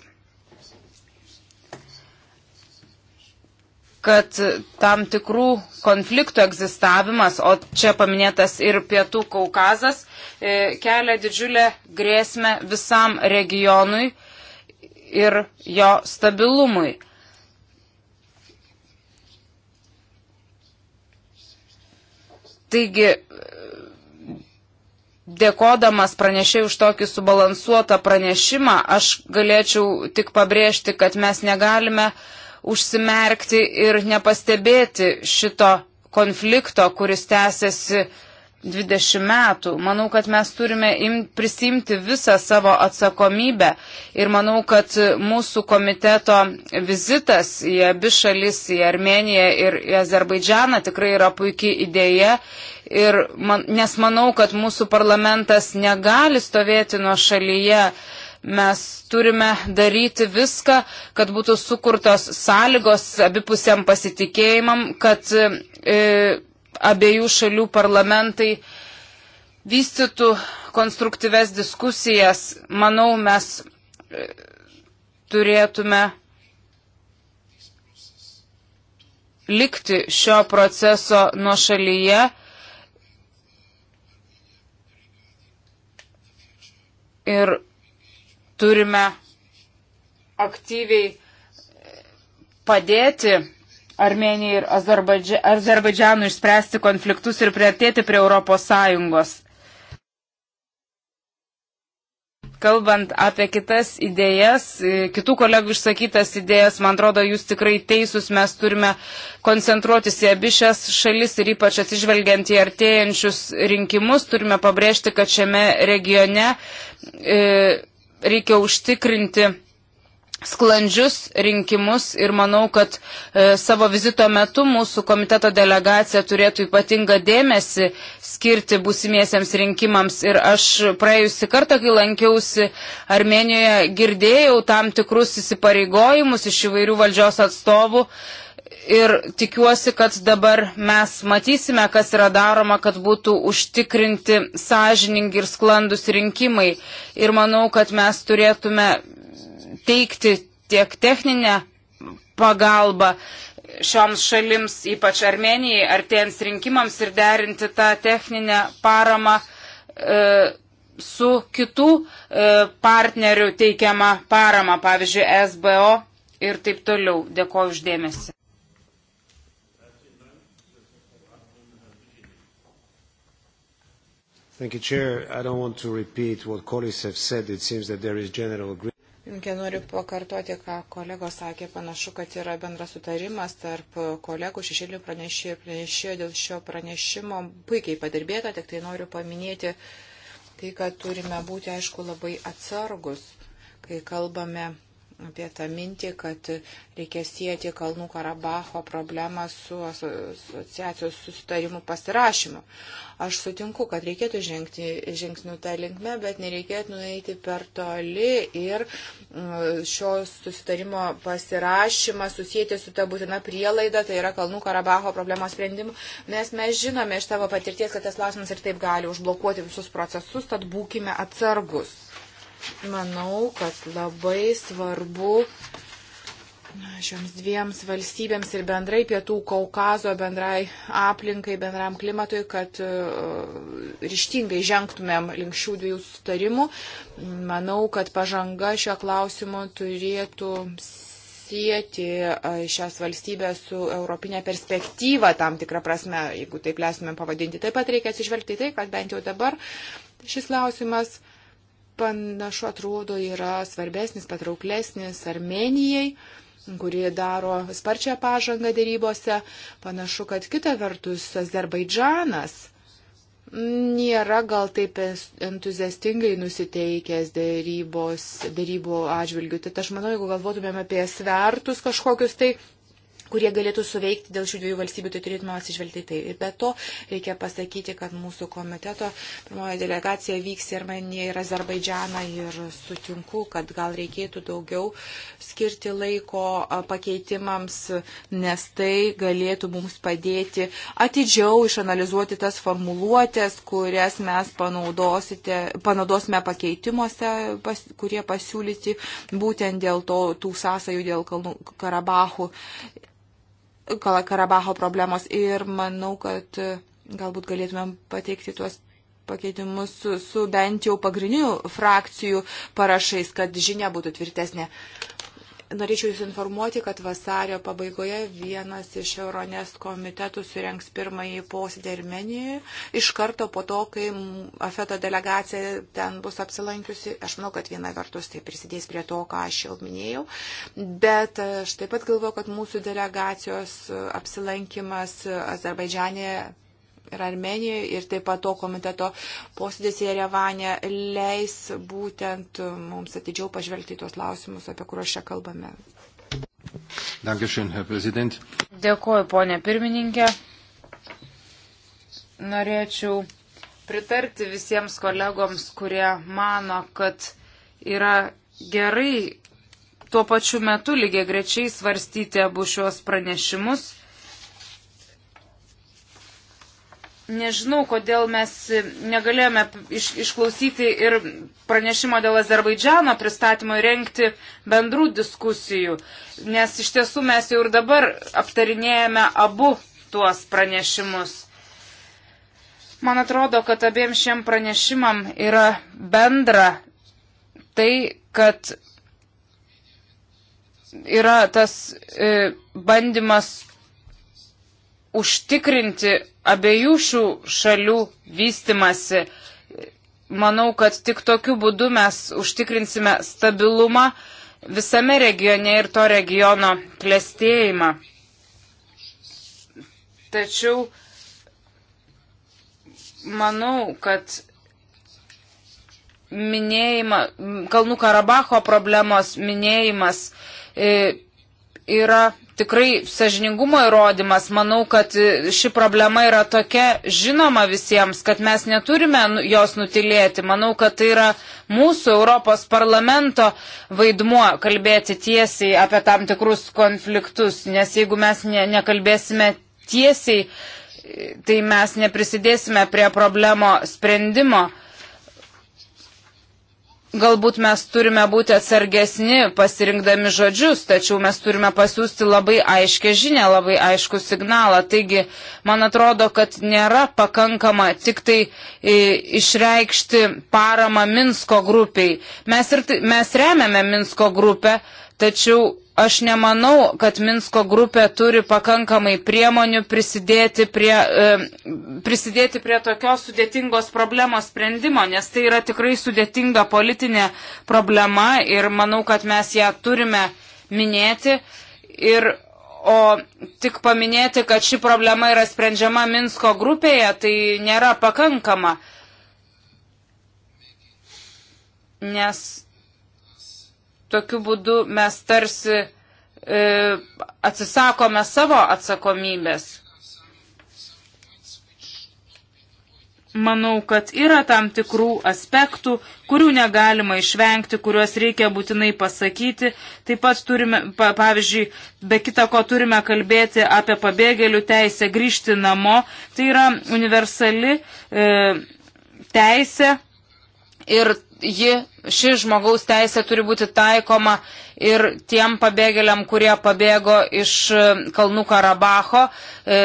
kad tam tikrų konfliktų egzistavimas, o čia paminėtas ir Pietų Kaukazas, e, kelia didžiulę grėsmę visam regionui ir jo stabilumui. Taigi, dėkodamas pranešiai už tokį subalansuotą pranešimą, aš galėčiau tik pabrėžti, kad mes negalime uh, užsimerkti ir nepastebėti šito konflikto, kuris tęsiasi 20 metų. Manau, kad mes turime im, prisimti visą savo atsakomybę ir manau, kad mūsų komiteto vizitas į abi šalis, į Armeniją ir į Azerbaidžianą tikrai yra puikiai idėja, ir man, nes manau, kad mūsų parlamentas negali stovėti nuo šalyje. Uh, Mes turime daryti viską, kad būtų sukurtos sąlygos abipusiam pasitikėjimam, kad e, abiejų šalių parlamentai vystytų konstruktyves diskusijas. Manau, mes e, turėtume likti šio proceso nuo šalyje. Ir turime aktyviai padėti Armenijai ir Azerbaidžia, Azerbaidžianui išspręsti konfliktus ir priartėti prie Europos Sąjungos. Kalbant apie kitas idėjas, e, kitų kolegų išsakytas idėjas, man atrodo, jūs tikrai teisūs, mes turime koncentruotis į abi šias šalis ir ypač atsižvelgiant į artėjančius rinkimus, turime pabrėžti, kad šiame regione. E, reikia užtikrinti sklandžius rinkimus ir manau, kad e, savo vizito metu mūsų komiteto delegacija turėtų ypatingą dėmesį skirti busimiesiems rinkimams. Ir aš praėjusi kartą, kai lankiausi Armenijoje, girdėjau tam tikrus įsipareigojimus iš įvairių valdžios atstovų. E, ir tikiuosi, kad dabar mes matysime, kas yra daroma, kad būtų užtikrinti sąžiningi ir sklandus rinkimai. Ir manau, kad mes turėtume teikti tiek techninę pagalbą šioms šalims, ypač Armenijai, artėjant rinkimams ir derinti tą techninę paramą e, su kitų e, partnerių teikiama parama, pavyzdžiui, SBO ir taip toliau. Dėkuoju uždėmesi. Thank you, Chair. I don't want to repeat what colleagues have said. It seems that there is general agreement. Junkė, noriu pakartoti, ką kolegos sakė. Panašu, kad yra bendras sutarimas tarp kolegų šešėlių pranešėjo ir pranešėjo dėl šio pranešimo. Puikiai padirbėta, tik tai noriu paminėti tai, kad turime būti, aišku, labai atsargus, kai kalbame apie tą mintį, kad reikia sieti Kalnų Karabaho problemą su asociacijos susitarimu pasirašymu. Aš sutinku, kad reikėtų žengti žingsnių tą linkmę, bet nereikėtų nueiti per toli ir mm, šio susitarimo pasirašymą susijęti su ta būtina prielaida, tai yra Kalnų Karabaho problemos sprendimu, nes mes žinome iš tavo patirties, kad tas klausimas ir taip gali užblokuoti visus procesus, tad būkime atsargus manau, kad labai svarbu šioms dviems valstybėms ir bendrai pietų Kaukazo bendrai aplinkai, bendram klimatui, kad e, ryštingai žengtumėm link šių dviejų sutarimų. Manau, kad pažanga šio klausimu turėtų sieti e, šias valstybės su europinė perspektyva tam tikrą prasme, jeigu taip leisime pavadinti. Taip pat reikia atsižvelgti į tai, kad bent jau dabar šis klausimas panašu atrodo yra svarbesnis, patrauklesnis Armenijai kuri daro sparčią pažangą dėrybose. Panašu, kad kita vertus Azerbaidžanas nėra gal taip entuziastingai nusiteikęs dėrybos, dėrybų atžvilgių. Tad aš manau, jeigu galvotumėm apie svertus kažkokius, tai kurie galėtų suveikti dėl šių dviejų valstybių, tai turėtume atsižvelgti tai. Ir be to reikia pasakyti, kad mūsų komiteto pirmoji delegacija vyks į Armeniją ir Azerbaidžianą ir sutinku, kad gal reikėtų daugiau skirti laiko pakeitimams, nes tai galėtų mums padėti atidžiau išanalizuoti tas formuluotės, kurias mes panaudosime pakeitimuose, pas, kurie pasiūlyti būtent dėl to, tų sąsajų dėl Kalnų Karabachų. Karabaho problemos ir manau, kad e, galbūt galėtumėm pateikti tuos pakeitimus su, su bent jau pagrindinių frakcijų parašais, kad žinia būtų tvirtesnė. Uh, Norėčiau Jūs informuoti, kad vasario pabaigoje vienas iš Euronės komitetų surenks pirmąjį posėdį Armenijoje. Iš karto po to, kai Afeto delegacija ten bus apsilankiusi, aš manau, kad viena vertus tai prisidės prie to, ką aš jau minėjau. Bet aš taip pat galvoju, kad mūsų delegacijos apsilankimas Azerbaidžianėje ir Armenijoje, ir taip pat to komiteto posėdės į Revanę leis būtent mums atidžiau pažvelgti į tuos klausimus, apie kuriuos čia kalbame. Dankeschön, Herr Präsident. Dėkuoju, ponė pirmininkė. Norėčiau pritarti visiems kolegoms, kurie mano, kad yra gerai tuo pačiu metu lygiai grečiai svarstyti abu šios pranešimus nežinau, kodėl mes negalėjome iš, išklausyti ir pranešimo dėl Azerbaidžiano pristatymo renkti bendrų diskusijų, nes iš tiesų mes jau ir dabar aptarinėjame abu tuos pranešimus. Man atrodo, kad abiem šiem pranešimam yra bendra tai, kad yra tas e, bandymas užtikrinti abiejų šių šalių vystimasi. Manau, kad tik tokiu būdu mes užtikrinsime stabilumą visame regione ir to regiono klėstėjimą. Tačiau manau, kad minėjimą, Kalnų Karabacho problemos minėjimas e, yra tikrai sažiningumo įrodymas. Manau, kad ši problema yra tokia žinoma visiems, kad mes neturime nu, jos nutilėti. Manau, kad tai yra mūsų Europos parlamento vaidmuo kalbėti tiesiai apie tam tikrus konfliktus, nes jeigu mes ne, nekalbėsime tiesiai, tai mes neprisidėsime prie problemo sprendimo. Galbūt mes turime būti atsargesni pasirinkdami žodžius, tačiau mes turime pasiūsti labai aiškę žinę, labai aišku signalą. Taigi, man atrodo, kad nėra pakankama tik tai e, išreikšti paramą Minsko grupiai. Mes, ir, mes remiame Minsko grupę, tačiau Aš nemanau, kad Minsko grupė turi pakankamai priemonių prisidėti prie, e, prisidėti prie tokios sudėtingos problemos sprendimo, nes tai yra tikrai sudėtinga politinė problema ir manau, kad mes ją turime minėti. Ir, o tik paminėti, kad ši problema yra sprendžiama Minsko grupėje, tai nėra pakankama. Nes tokiu būdu mes tarsi e, atsisakome savo atsakomybės. Manau, kad yra tam tikrų aspektų, kurių negalima išvengti, kuriuos reikia būtinai pasakyti. Taip pat turime, pa, pavyzdžiui, be kita ko turime kalbėti apie pabėgėlių teisę grįžti namo. Tai yra universali e, teisė ir ji, ši žmogaus teisė turi būti taikoma ir tiem pabėgėliam, kurie pabėgo iš e, Kalnų Karabaho. E,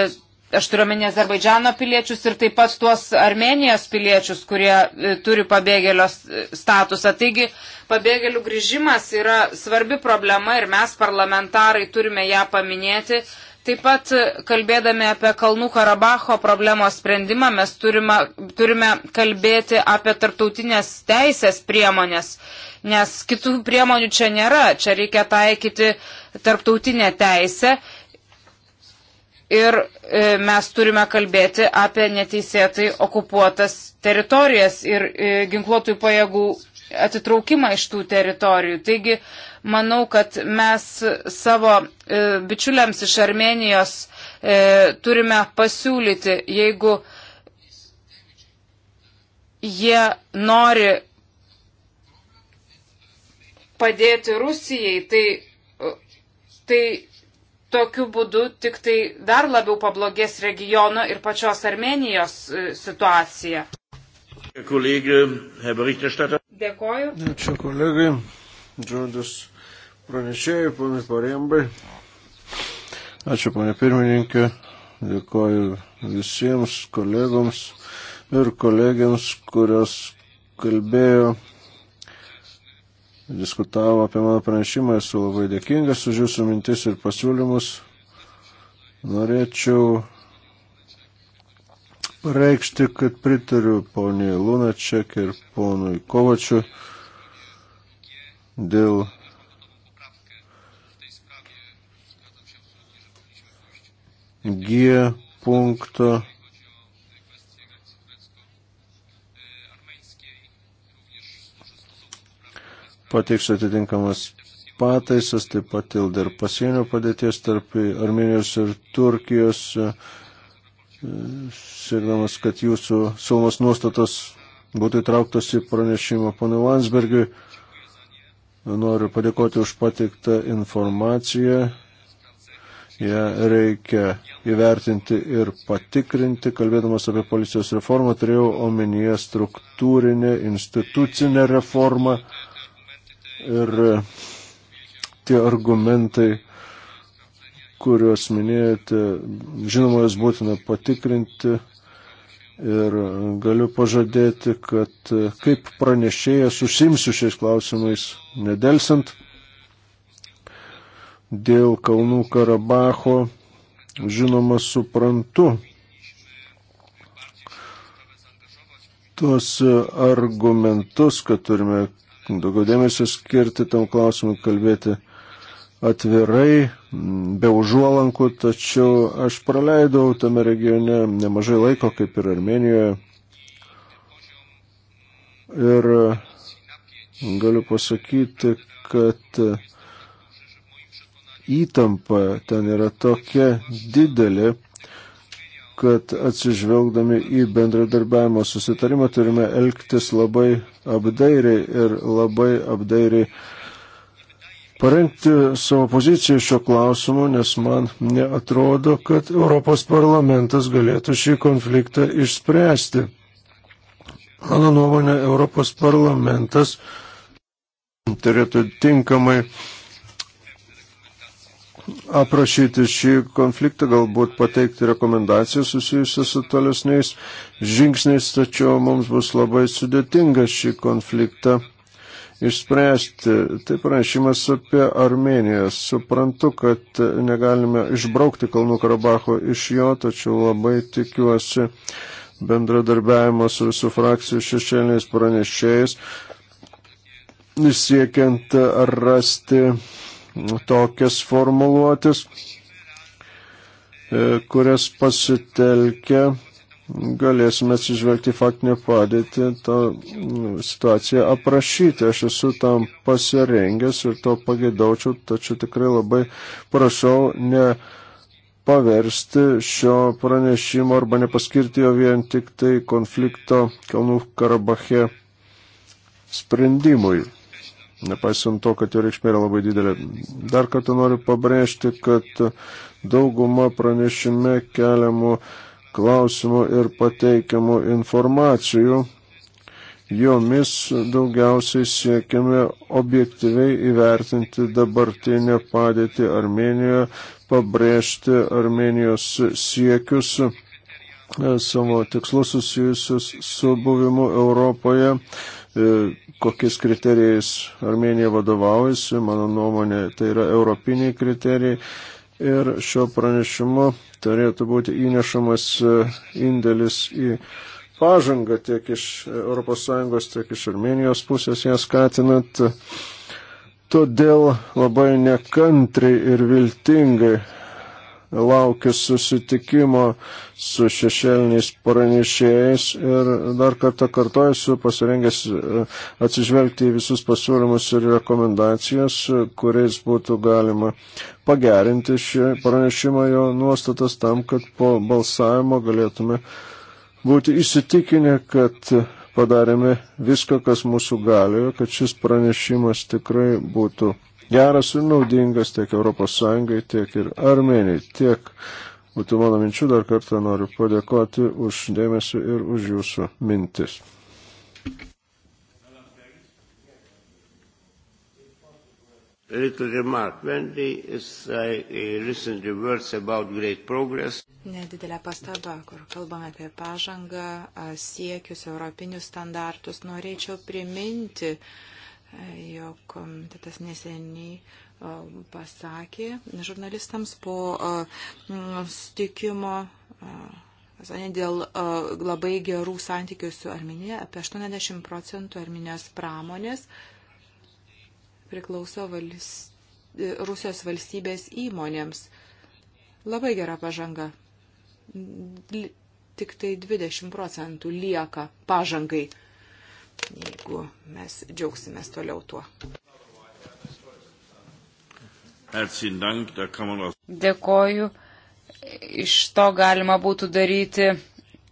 aš turiu omeny Azerbaidžiano piliečius ir taip pat tuos Armenijos piliečius, kurie e, turi pabėgėlio statusą. Taigi pabėgėlių grįžimas yra svarbi problema ir mes parlamentarai turime ją paminėti. Taip pat e, kalbėdami apie Kalnų Karabacho problemos sprendimą, mes turime, turime kalbėti apie tarptautinės teisės priemonės, nes kitų priemonių čia nėra, čia reikia taikyti tarptautinę teisę ir e, mes turime kalbėti apie neteisėtai okupuotas teritorijas ir e, ginkluotųjų pajėgų atitraukimą iš tų teritorijų. Taigi Manau, kad mes savo e, bičiuliams iš Armenijos e, turime pasiūlyti, jeigu jie nori padėti Rusijai, tai, tai tokiu būdu tik tai dar labiau pablogės regiono ir pačios Armenijos e, situacija. Kolegė, Herr Berichterstatter. Dėkoju. Ačiū kolegai žodis pranešėjai, ponai Parembai. Ačiū, ponė pirmininkė. Dėkoju visiems kolegoms ir kolegiams, kurios kalbėjo, diskutavo apie mano pranešimą. Esu labai dėkingas už jūsų mintis ir pasiūlymus. Norėčiau reikšti, kad pritariu poniai Lunaček ir ponui Kovačiu dėl G punkto. Pateiksiu atitinkamas pataisas, taip pat ir dar pasienio padėties tarp Armenijos ir Turkijos, siekdamas, kad jūsų saumos nuostatos būtų įtrauktos į pranešimą ponui Landsbergiui. Noriu padėkoti už pateiktą informaciją. Ja reikia įvertinti ir patikrinti. Kalbėdamas apie policijos reformą, turėjau omenyje struktūrinę, institucinę reformą. Ir tie argumentai, kuriuos minėjote, žinoma, jas būtina patikrinti Ir galiu pažadėti, kad e, kaip pranešėjas užsimsiu šiais klausimais nedelsant dėl Kalnų Karabacho, žinoma, suprantu tuos e, argumentus, kad turime daugiau dėmesio skirti tam klausimui, kalbėti atvirai, be užuolankų, tačiau aš praleidau tame regione nemažai laiko, kaip ir Armenijoje. Ir galiu pasakyti, kad įtampa ten yra tokia didelė, kad atsižvelgdami į bendradarbiavimo susitarimą turime elgtis labai apdairiai ir labai apdairiai parengti savo poziciją šio klausimu, nes man neatrodo, kad Europos parlamentas galėtų šį konfliktą išspręsti. Mano nuomonė, Europos parlamentas turėtų tinkamai aprašyti šį konfliktą, galbūt pateikti rekomendacijas susijusias su tolesniais žingsniais, tačiau mums bus labai sudėtinga šį konfliktą išspręsti. Tai pranešimas apie Armeniją. Suprantu, kad negalime išbraukti Kalnų Karabacho iš jo, tačiau labai tikiuosi bendradarbiavimo su visų frakcijų šešėliniais pranešėjais, siekiant rasti tokias formuluotis, e, kurias pasitelkia galėsime atsižvelgti faktinę padėtį, tą mm, situaciją aprašyti. Aš esu tam pasirengęs ir to pagėdaučiau, tačiau tikrai labai prašau ne paversti šio pranešimo arba nepaskirti jo vien tik tai konflikto Kalnų Karabache sprendimui. Nepaisant to, kad jo reikšmė yra labai didelė. Dar kartą noriu pabrėžti, kad dauguma pranešime keliamų uh, klausimų ir pateikiamų informacijų. Jomis daugiausiai siekiame objektyviai įvertinti dabartinę padėtį Armenijoje, pabrėžti Armenijos siekius, e, savo tikslus susijusius su buvimu Europoje, e, kokiais kriterijais Armenija vadovaujasi, mano nuomonė, tai yra europiniai kriterijai ir šio pranešimu turėtų būti įnešamas e, indėlis į pažangą tiek iš ES, tiek iš Armenijos pusės ją skatinant. Todėl labai nekantriai ir viltingai laukiu susitikimo su šešėliniais pranešėjais ir dar kartą kartoju, esu pasirengęs e, atsižvelgti į visus pasiūlymus ir rekomendacijas, kuriais būtų galima pagerinti šį pranešimą jo nuostatas tam, kad po balsavimo galėtume būti įsitikinę, kad padarėme viską, kas mūsų galioje, kad šis pranešimas tikrai būtų geras ir naudingas tiek ES, tiek ir Armenijai. Tiek būtų mano minčių, dar kartą noriu padėkoti už dėmesį ir už jūsų mintis. little remark. When they is, I uh, listen to words about great progress. Nedidelė pastaba, kur kalbame apie pažangą, siekius, europinius standartus. Norėčiau priminti uh, jog komitetas neseniai pasakė žurnalistams po stikimo dėl labai gerų santykių su Arminija. Apie 80 procentų Arminijos pramonės priklauso valst... E, Rusijos valstybės įmonėms. Labai gera pažanga. Tik tai 20 procentų lieka pažangai jeigu mes džiaugsimės toliau tuo. Dėkoju. Iš to galima būtų daryti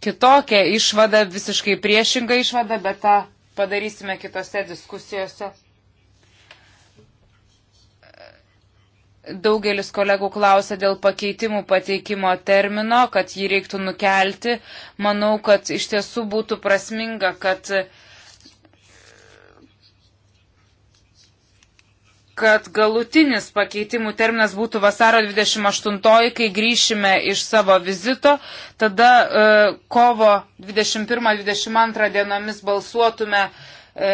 kitokią išvadą, visiškai priešingą išvadą, bet tą padarysime kitose diskusijose. daugelis kolegų klausia dėl pakeitimų pateikimo termino, kad jį reiktų nukelti. Manau, kad iš tiesų būtų prasminga, kad kad galutinis pakeitimų terminas būtų vasaro 28, kai grįšime iš savo vizito, tada e, kovo 21-22 dienomis balsuotume e,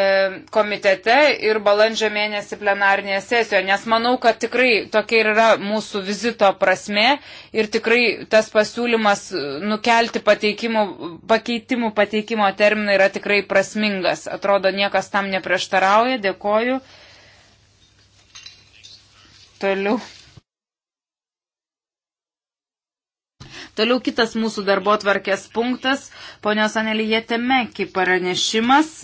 komitete ir balandžio mėnesį plenarnėje sesijoje, nes manau, kad tikrai tokia ir yra mūsų vizito prasme ir tikrai tas pasiūlymas nukelti pakeitimų pateikimo terminą yra tikrai prasmingas. Atrodo, niekas tam neprieštarauja. Dėkoju toliau. Toliau kitas mūsų darbo tvarkės punktas, ponios Anelyje Temeki pranešimas.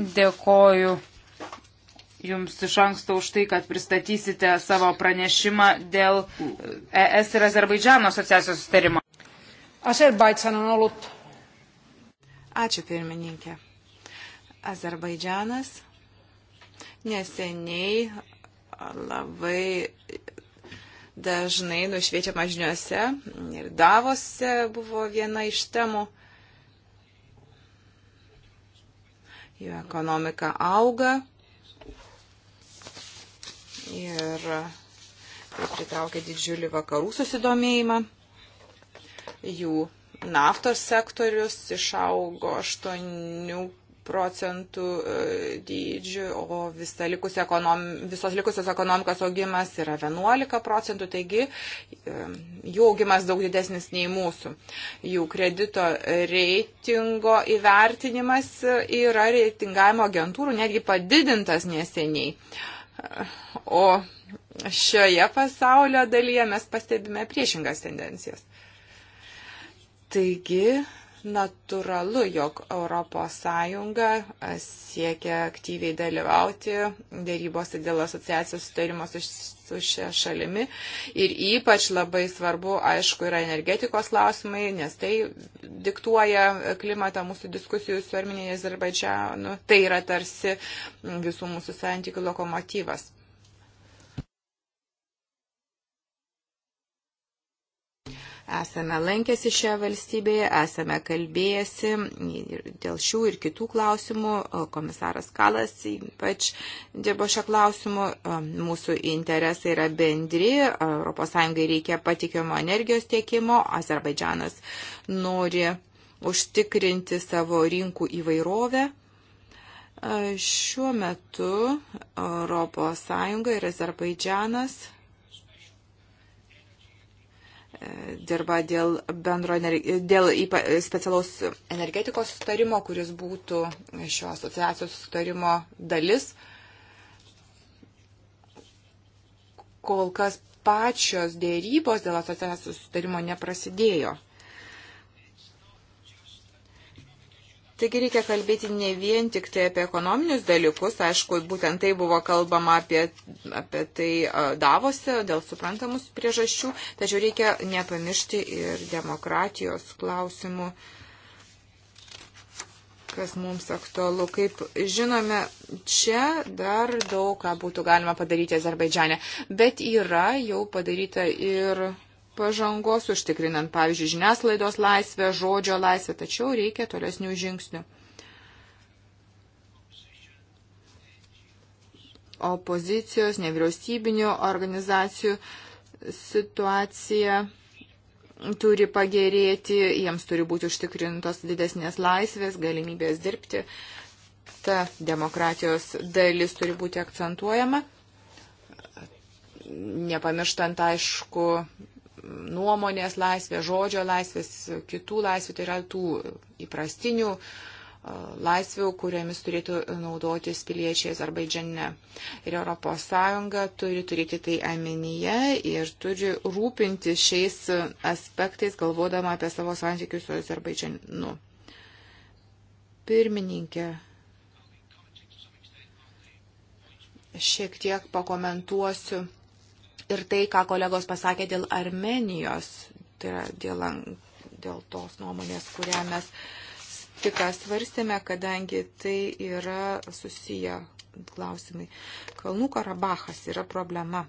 Dėkoju Jums iš anksto už tai, kad pristatysite savo pranešimą dėl ES ir Azerbaidžiano asociacijos sustarimo. Azerbaidžan on ollut Ačiū pirmininkė. Azerbaidžianas neseniai labai dažnai nušviečiama žiniuose ir Davose buvo viena iš temų. Jų ekonomika auga ir tai pritraukia didžiulį vakarų susidomėjimą. Jų naftos sektorius išaugo 8 procentų e, dydžių, o visa likus ekonom, visos likusios ekonomikos augimas yra 11 procentų, taigi e, jų augimas daug didesnis nei mūsų. Jų kredito reitingo įvertinimas yra reitingavimo agentūrų netgi padidintas neseniai. E, o šioje pasaulio dalyje mes pastebime priešingas tendencijas. Taigi, natūralu, jog ES siekia aktyviai dalyvauti dėrybose dėl asociacijos sutarimo su, su šia šalimi. Ir ypač labai svarbu, aišku, yra energetikos klausimai, nes tai diktuoja klimatą mūsų diskusijų su Arminėje Azerbaidžianu. Tai yra tarsi visų mūsų santykių lokomotyvas. Esame lankėsi šią valstybę, esame kalbėjęsi dėl šių ir kitų klausimų. Komisaras Kalas ypač dirbo šią klausimą. Mūsų interesai yra bendri. ES reikia patikimo energijos tiekimo. Azerbaidžianas nori užtikrinti savo rinkų įvairovę. Šiuo metu ES ir Azerbaidžianas dirba dėl, bendro, dėl specialaus energetikos sustarimo, kuris būtų šio asociacijos sustarimo dalis. Kol kas pačios dėrybos dėl asociacijos sustarimo neprasidėjo. Taigi reikia kalbėti ne vien tik tai apie ekonominius dalykus, aišku, būtent tai buvo kalbama apie, apie tai davose dėl suprantamus priežasčių, tačiau reikia nepamiršti ir demokratijos klausimų, kas mums aktualu. Kaip žinome, čia dar daug ką būtų galima padaryti Azerbaidžiane, bet yra jau padaryta ir pažangos, užtikrinant, pavyzdžiui, žiniasklaidos laisvę, žodžio laisvę, tačiau reikia tolesnių žingsnių. Opozicijos, nevyriausybinių organizacijų situacija turi pagerėti, jiems turi būti užtikrintos didesnės laisvės, galimybės dirbti. Ta demokratijos dalis turi būti akcentuojama nepamirštant, aišku, nuomonės laisvė, žodžio laisvės, kitų laisvių, tai yra tų įprastinių laisvių, kuriamis turėtų naudotis piliečiai Azerbaidžiane. Ir ES turi turėti tai aminyje ir turi rūpinti šiais aspektais, galvodama apie savo santykius su Azerbaidžianu. Pirmininkė. Šiek tiek pakomentuosiu ir tai, ką kolegos pasakė dėl Armenijos, tai yra dėl, dėl tos nuomonės, kurią mes tik svarstėme, kadangi tai yra susiję klausimai. Kalnų Karabachas yra problema.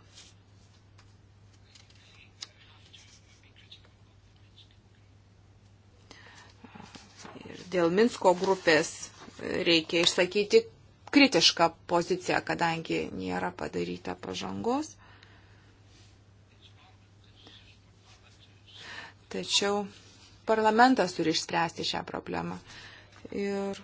Ir dėl Minsko grupės reikia išsakyti kritišką poziciją, kadangi nėra padaryta pažangos. Tačiau parlamentas turi išspręsti šią problemą. Ir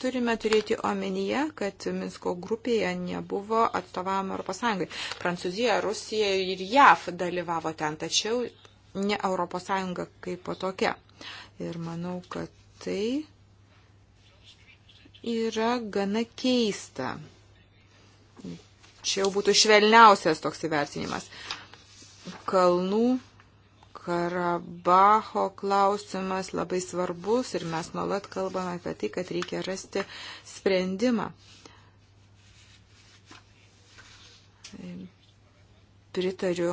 turime turėti omenyje, kad Minsko grupėje nebuvo atstovavimo Europos Sąjungai. Prancūzija, Rusija ir JAF dalyvavo ten, tačiau ne Europos Sąjunga kaip po tokia. Ir manau, kad tai yra gana keista. Čia jau būtų švelniausias toks įvertinimas. Kalnų Karabaho klausimas labai svarbus ir mes nuolat kalbame apie tai, kad reikia rasti sprendimą. Pritariu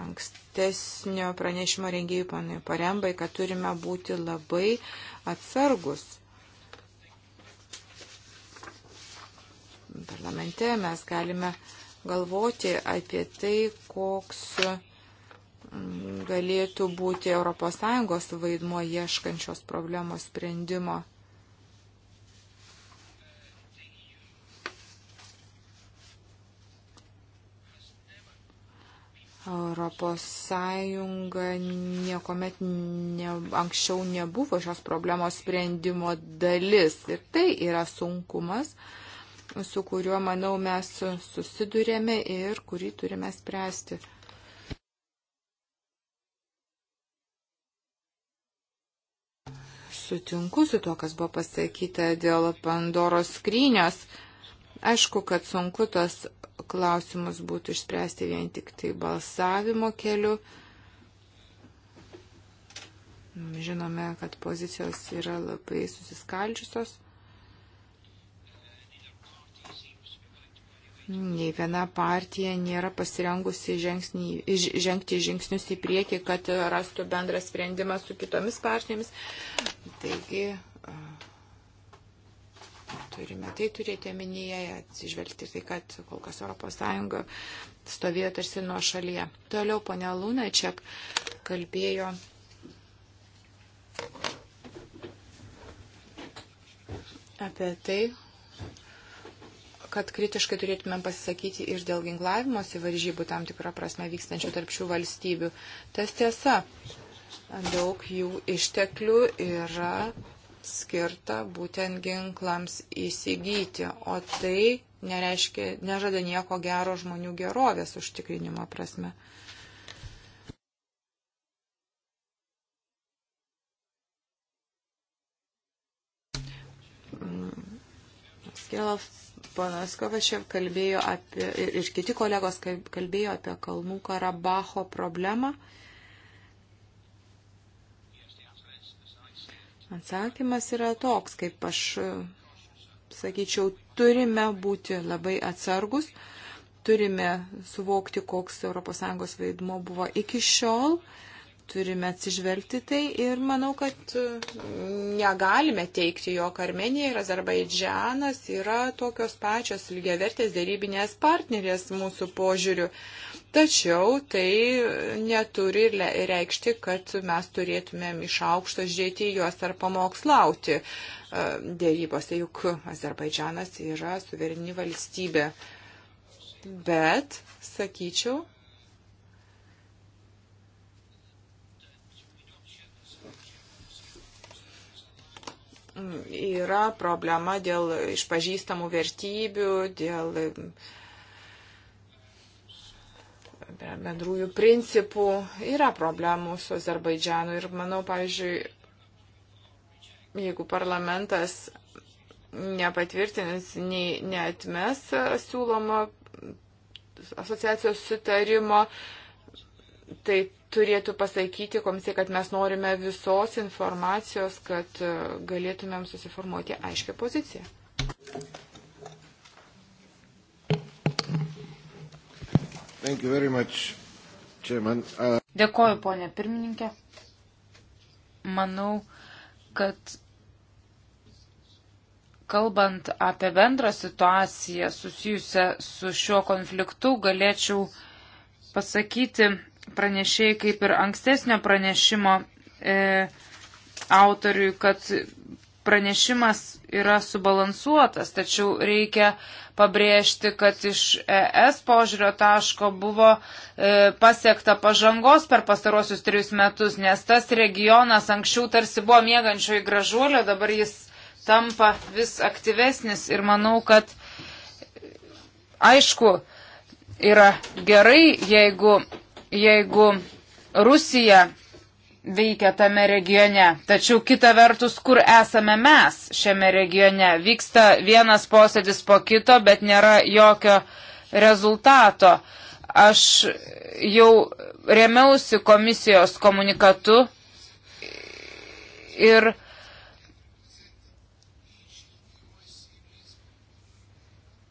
ankstesnio pranešimo rengėjų panai parembai, kad turime būti labai atsargus. Parlamente mes galime galvoti apie tai, koks galėtų būti ES vaidmo ieškančios problemos sprendimo. Europos Sąjunga niekuomet ne, anksčiau nebuvo šios problemos sprendimo dalis ir tai yra sunkumas, su kuriuo, manau, mes susidurėme ir kurį turime spręsti. sutinku su tuo, kas buvo pasakyta dėl Pandoros skrynios. Aišku, kad sunku tos klausimus būtų išspręsti vien tik tai balsavimo keliu. Žinome, kad pozicijos yra labai susiskaldžiusios. Nei viena partija nėra pasirengusi žingsnį, žengti žingsnius į priekį, kad rastų bendrą sprendimą su kitomis partijomis. Taigi turime tai turėti omenyje, atsižvelgti tai, kad kol kas ES stovėjo tarsi nuo šalyje. Toliau ponia Lūna čia kalbėjo. Apie tai, kad kritiškai turėtumėm pasisakyti ir dėl ginklavimosi varžybų tam tikrą prasme vykstančių tarp šių valstybių. Tas tiesa, daug jų išteklių yra skirta būtent ginklams įsigyti, o tai nereiškia, nežada nieko gero žmonių gerovės užtikrinimo prasme. Skėlas panas Kovašev kalbėjo apie, ir kiti kolegos kalbėjo apie Kalnų Karabaho problemą. Atsakymas yra toks, kaip aš sakyčiau, turime būti labai atsargus, turime suvokti, koks ES vaidmo buvo iki šiol. Uh, turime atsižvelgti tai ir manau, kad e, negalime teikti, jog Armenija ir Azerbaidžianas yra tokios pačios lygiavertės dėrybinės partnerės mūsų požiūriu. Tačiau tai neturi reikšti, kad mes turėtumėm iš aukšto žiūrėti juos ar pamokslauti e, dėrybose, juk Azerbaidžianas yra suvereni valstybė. Bet, sakyčiau, yra problema dėl išpažįstamų vertybių, dėl bendrųjų principų, yra problemų su Azerbaidžianu ir manau, pavyzdžiui, jeigu parlamentas nepatvirtins, nei neatmes siūlomo asociacijos sutarimo, uh, tai turėtų pasakyti komisija, kad mes norime visos informacijos, kad e, galėtumėm susiformuoti aiškę poziciją. Much, Chairman. uh... Dėkoju, ponė pirmininkė. Manau, kad kalbant apie bendrą situaciją susijusią su šiuo konfliktu, galėčiau pasakyti, pranešėjai, kaip ir ankstesnio pranešimo e, autoriui, kad pranešimas yra subalansuotas, tačiau reikia pabrėžti, kad iš ES požiūrio taško buvo e, pasiekta pažangos per pastarosius trijus metus, nes tas regionas anksčiau tarsi buvo mėgančioji gražuolė, dabar jis tampa vis aktyvesnis ir manau, kad aišku, yra gerai, jeigu jeigu Rusija veikia tame regione. Tačiau kita vertus, kur esame mes šiame regione? Vyksta vienas posėdis po kito, bet nėra jokio rezultato. Aš jau remiausi komisijos komunikatu ir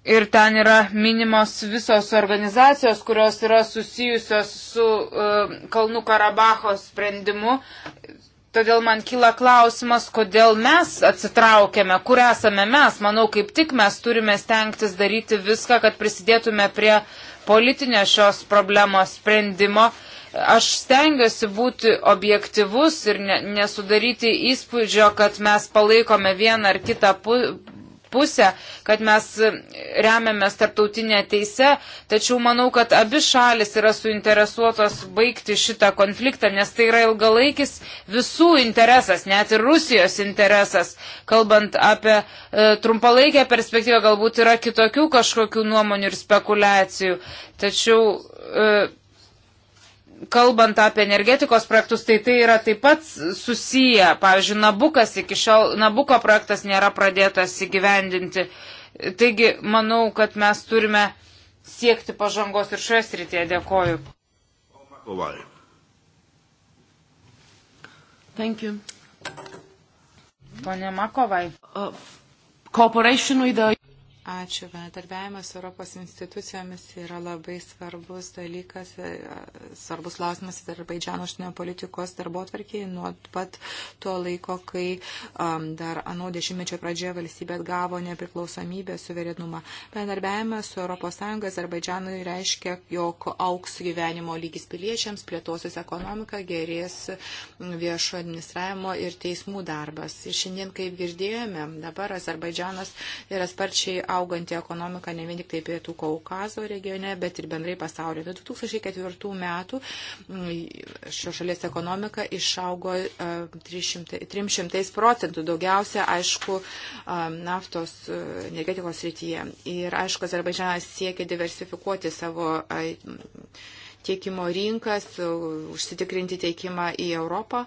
Ir ten yra minimos visos organizacijos, kurios yra susijusios su uh, Kalnų Karabacho sprendimu. Todėl man kyla klausimas, kodėl mes atsitraukėme, kur esame mes. Manau, kaip tik mes turime stengtis daryti viską, kad prisidėtume prie politinio šios problemos sprendimo. Aš stengiuosi būti objektivus ir ne, nesudaryti įspūdžio, kad mes palaikome vieną ar kitą pu, pusę, kad mes remiamės tarptautinę teisę, tačiau manau, kad abi šalis yra suinteresuotos baigti šitą konfliktą, nes tai yra ilgalaikis visų interesas, net ir Rusijos interesas. Kalbant apie e, trumpalaikę perspektyvą, galbūt yra kitokių kažkokių nuomonių ir spekulacijų. Tačiau e, kalbant apie energetikos projektus, tai tai yra taip pat susiję. Pavyzdžiui, Nabukas iki šiol, Nabuko projektas nėra pradėtas įgyvendinti. Taigi, manau, kad mes turime siekti pažangos ir šioje srityje. Dėkoju. Thank you. Pone Makovai. Uh, the... Ačiū. Bendradarbiavimas Europos institucijomis yra labai svarbus dalykas, e, svarbus klausimas Azerbaidžiano užsienio politikos darbo tvarkiai nuo pat to laiko, kai um, dar anau dešimtmečio pradžioje valstybė gavo nepriklausomybę, suverenumą. Bendradarbiavimas su ES Azerbaidžianui reiškia, jog auks gyvenimo lygis piliečiams, plėtosios ekonomika, gerės viešo administravimo ir teismų darbas. Ir šiandien, kaip girdėjome, dabar Azerbaidžianas yra sparčiai augantį ekonomiką ne vien tik tai pietų Kaukazo regione, bet ir bendrai pasaulyje. Nuo 2004 metų mm, šio šalies ekonomika išaugo 300, e, 300 procentų, daugiausia, aišku, e, naftos e, energetikos rytyje. Ir, aišku, Azerbaidžianas siekia diversifikuoti savo tiekimo rinkas, užsitikrinti tiekimą į Europą.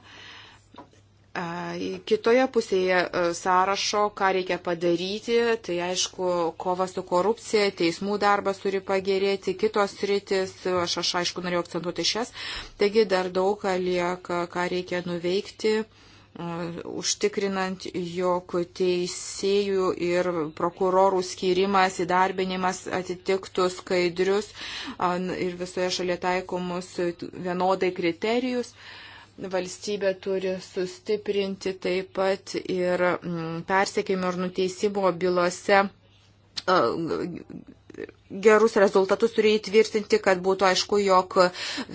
Kitoje pusėje e, sąrašo, ką reikia padaryti, tai aišku, kova su korupcija, teismų darbas turi pagerėti, kitos rytis, aš, aš aišku norėjau akcentuoti šias, taigi dar daug ką lieka, ką reikia nuveikti e, užtikrinant, jog teisėjų ir prokurorų skirimas, įdarbinimas atitiktų skaidrius ir visoje šalia taikomus vienodai kriterijus valstybė turi sustiprinti taip pat ir mm, persiekimo ir nuteisimo bylose gerus rezultatus turi įtvirtinti, kad būtų aišku, jog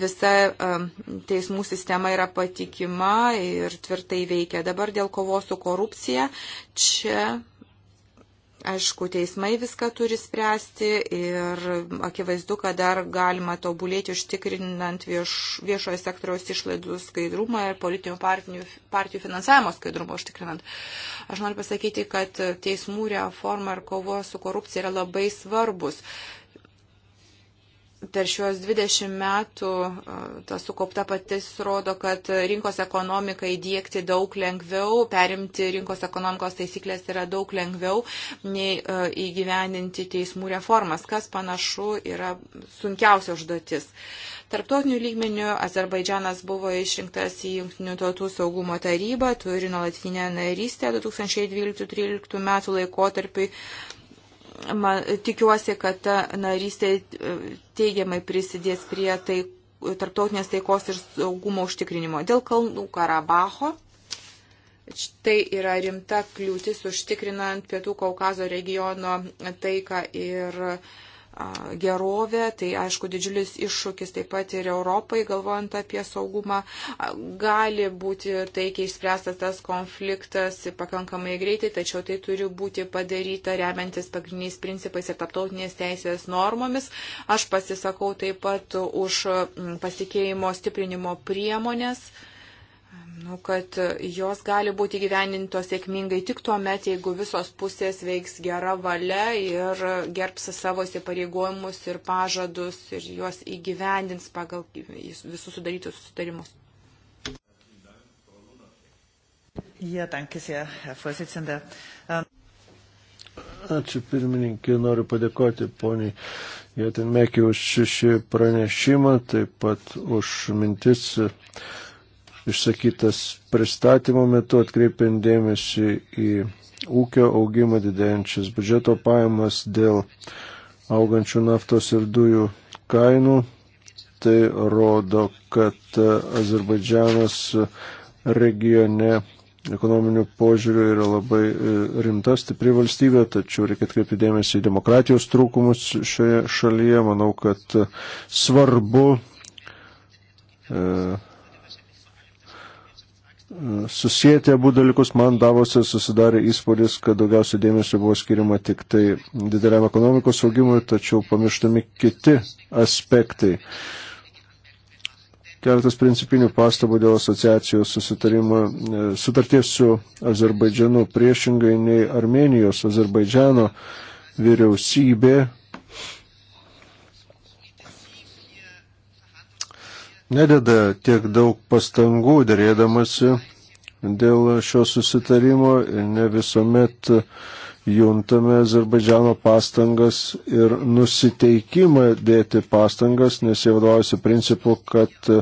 visa teismų sistema yra patikima ir tvirtai veikia. Dabar dėl kovos su korupcija čia Aišku, teismai viską turi spręsti ir akivaizdu, kad dar galima tobulėti užtikrinant vieš, viešojo sektoriaus išlaidų skaidrumą ir politinių partijų, partijų finansavimo skaidrumą užtikrinant. Aš noriu pasakyti, kad teismų reforma ir kovo su korupcija yra labai svarbus per šiuos 20 metų ta sukaupta patys rodo, kad rinkos ekonomiką įdėkti daug lengviau, perimti rinkos ekonomikos taisyklės yra daug lengviau, nei įgyveninti teismų reformas, kas panašu yra sunkiausia užduotis. Tarptautinių lygmenių Azerbaidžianas buvo išrinktas į Junktinių tautų saugumo tarybą, turi nuolatinę narystę 2012-2013 metų laikotarpiai man, tikiuosi, kad ta narystė e, teigiamai prisidės prie tai, tarptautinės taikos ir saugumo užtikrinimo. Dėl Kalnų Karabaho. Tai yra rimta kliūtis užtikrinant Pietų Kaukazo regiono taiką ir uh, gerovę, tai aišku didžiulis iššūkis taip pat ir Europai, galvojant apie saugumą, gali būti taikiai išspręstas tas konfliktas pakankamai greitai, tačiau tai turi būti padaryta remiantis pagrindiniais principais ir taptautinės teisės normomis. Aš pasisakau taip pat už pasikeimo stiprinimo priemonės. Manau, kad jos gali būti gyvenintos sėkmingai tik tuo met, jeigu visos pusės veiks gera valia ir gerbs savo įsipareigojimus ir pažadus ir juos įgyvendins pagal visus sudarytus sutarimus. Ja, danke sehr, Herr Vorsitzender. Um... Ačiū pirmininkė, noriu padėkoti poniai Jatinmekį už šį pranešimą, taip pat už mintis išsakytas pristatymo metu, atkreipiant dėmesį į ūkio augimą didėjančias biudžeto pajamas dėl augančių naftos ir dujų kainų. Tai rodo, kad Azerbaidžianas regione ekonominių požiūrių yra labai e, rimta, stipri valstybė, tačiau reikia atkreipti dėmesį į demokratijos trūkumus šioje šalyje. Manau, kad svarbu e, susijęti abu dalykus, man davose susidarė įspūdis, kad daugiausia dėmesio buvo skiriama tik tai dideliam ekonomikos augimui, tačiau pamirštami kiti aspektai. Keletas principinių pastabų dėl asociacijos susitarimo e, sutarties su Azerbaidžianu priešingai nei Armenijos Azerbaidžiano vyriausybė nededa tiek daug pastangų dėrėdamasi dėl šio susitarimo ir ne visuomet juntame Azerbaidžiano pastangas ir nusiteikimą dėti pastangas, nes jie vadovaujasi principu, kad e,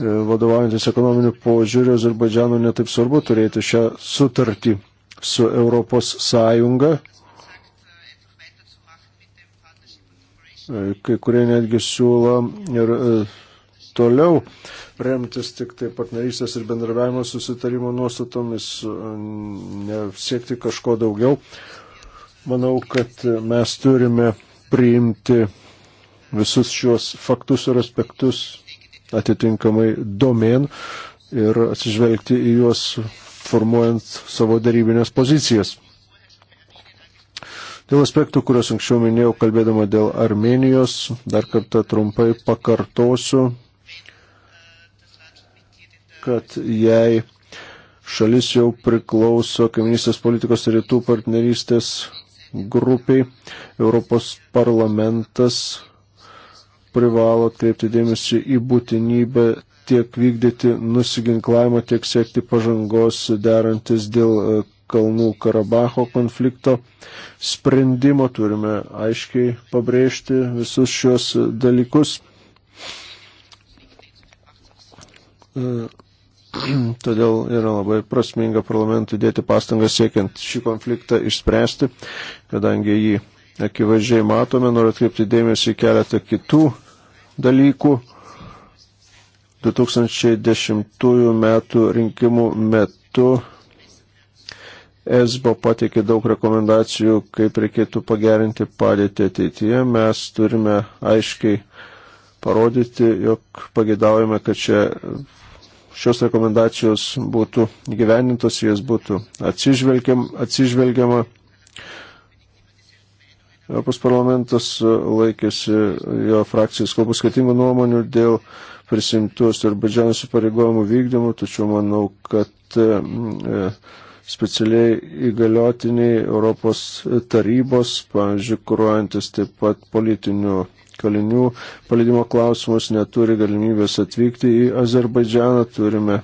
vadovaujantis ekonominiu požiūriu Azerbaidžiano netaip svarbu turėti šią sutartį su Europos Sąjunga. E, kai kurie netgi siūlo ir e, toliau remtis tik tai partnerystės ir bendravimo susitarimo nuostatomis, siekti kažko daugiau. Manau, kad mes turime priimti visus šios faktus ir aspektus atitinkamai domen ir atsižvelgti į juos formuojant savo darybinės pozicijas. Dėl aspektų, kuriuos anksčiau minėjau, kalbėdama dėl Armenijos, dar kartą trumpai pakartosiu, kad jei šalis jau priklauso kaiminystės politikos rytų partnerystės grupiai, Europos parlamentas privalo atkreipti dėmesį į būtinybę tiek vykdyti nusiginklavimą, tiek siekti pažangos derantis dėl e, Kalnų Karabaho konflikto sprendimo. Turime aiškiai pabrėžti visus šios dalykus. E, [clears throat] Todėl yra labai prasminga parlamentui dėti pastangą siekiant šį konfliktą išspręsti, kadangi jį akivaizdžiai matome, noriu atkreipti dėmesį keletą kitų dalykų. 2010 metų rinkimų metu ESBO pateikė daug rekomendacijų, kaip reikėtų pagerinti padėtį ateityje. Mes turime aiškiai parodyti, jog pagėdaujame, kad čia šios rekomendacijos būtų gyvenintos, jas būtų atsižvelgiam, atsižvelgiama. Europos parlamentas laikėsi jo frakcijos kalbų skirtingų nuomonių dėl prisimtų Azerbaidžiano įsipareigojimų vykdymų, tačiau manau, kad e, specialiai įgaliotiniai Europos tarybos, pavyzdžiui, kuruojantis taip pat politinių kalinių paleidimo klausimus, neturi galimybės atvykti į Azerbaidžianą, turime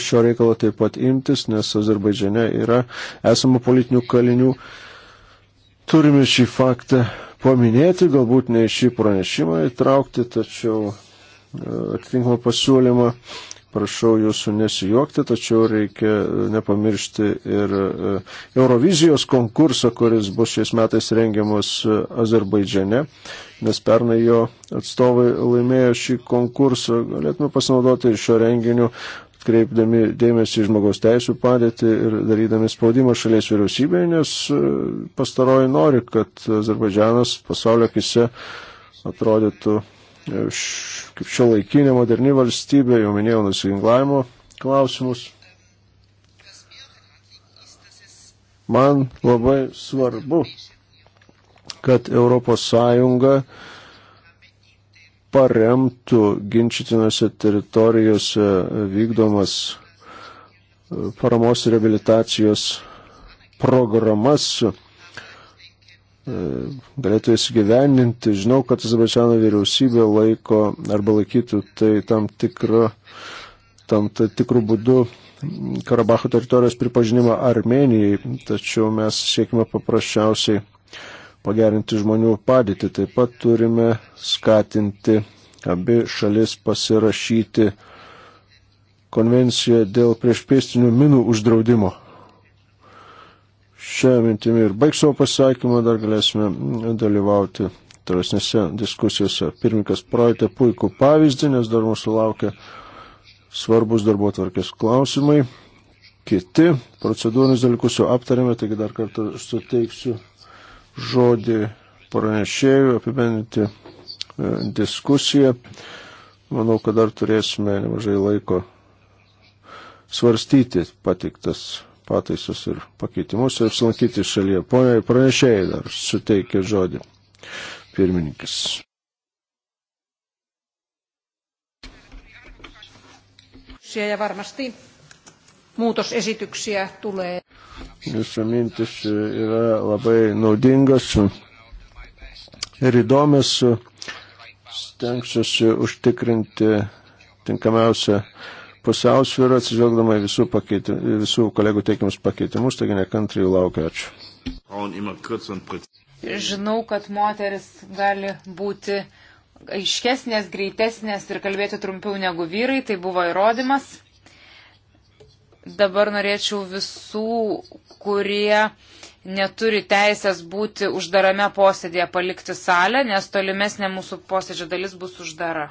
šio reikalo taip pat imtis, nes Azerbaidžiane yra esama politinių kalinių. Turime šį faktą paminėti, galbūt ne šį pranešimą įtraukti, tačiau e, atitinkamą pasiūlymą prašau jūsų nesijuokti, tačiau reikia nepamiršti ir e, Eurovizijos konkurso, kuris bus šiais metais rengiamas e, Azerbaidžiane, nes pernai jo atstovai laimėjo šį konkursą. Galėtume pasinaudoti ir šio renginiu kreipdami dėmesį žmogaus teisų padėtį ir darydami spaudimą šalies vyriausybėje, nes e, pastaroji nori, kad Azerbaidžianas pasaulio akise atrodytų kaip šio laikinė moderni valstybė, jau minėjau nusiginklavimo klausimus. Man labai svarbu, kad Europos Sąjunga paremtų ginčytinose teritorijose vykdomas e, paramos reabilitacijos programas E, galėtų įsigyvendinti. Žinau, kad Azerbaidžiano vyriausybė laiko arba laikytų tai tam, tikra, tam tai tikrų būdų Karabacho teritorijos pripažinimą Armenijai, tačiau mes siekime paprasčiausiai pagerinti žmonių padėtį. Taip pat turime skatinti abi šalis pasirašyti konvenciją dėl priešpėstinių minų uždraudimo šią mintimį ir baig savo pasakymą, dar galėsime dalyvauti tolesnėse diskusijose. Pirmininkas projektė puikų pavyzdį, nes dar mūsų laukia svarbus darbo tvarkės klausimai. Kiti procedūrinius dalykus jau aptarėme, taigi dar kartą suteiksiu žodį pranešėjų apibendinti e, diskusiją. Manau, kad dar turėsime nemažai laiko svarstyti patiktas pataisas ir pakeitimus ir apsilankyti šalyje. Pone pranešėjai dar suteikė žodį pirmininkas. Ja varmasti muutosesityksiä tulee. Jūsų mintis yra labai naudingas ir įdomias. Stengsiuosi užtikrinti tinkamiausią pusiausvyrą, atsižvelgdama į visų, pakeiti, visų kolegų teikimus pakeitimus, taigi nekantrai jų laukia. Ačiū. Žinau, kad moteris gali būti aiškesnės, greitesnės ir kalbėti trumpiau negu vyrai, tai buvo įrodymas. Dabar norėčiau visų, kurie neturi teisės būti uždarame posėdėje, palikti salę, nes tolimesnė mūsų posėdžio dalis bus uždara.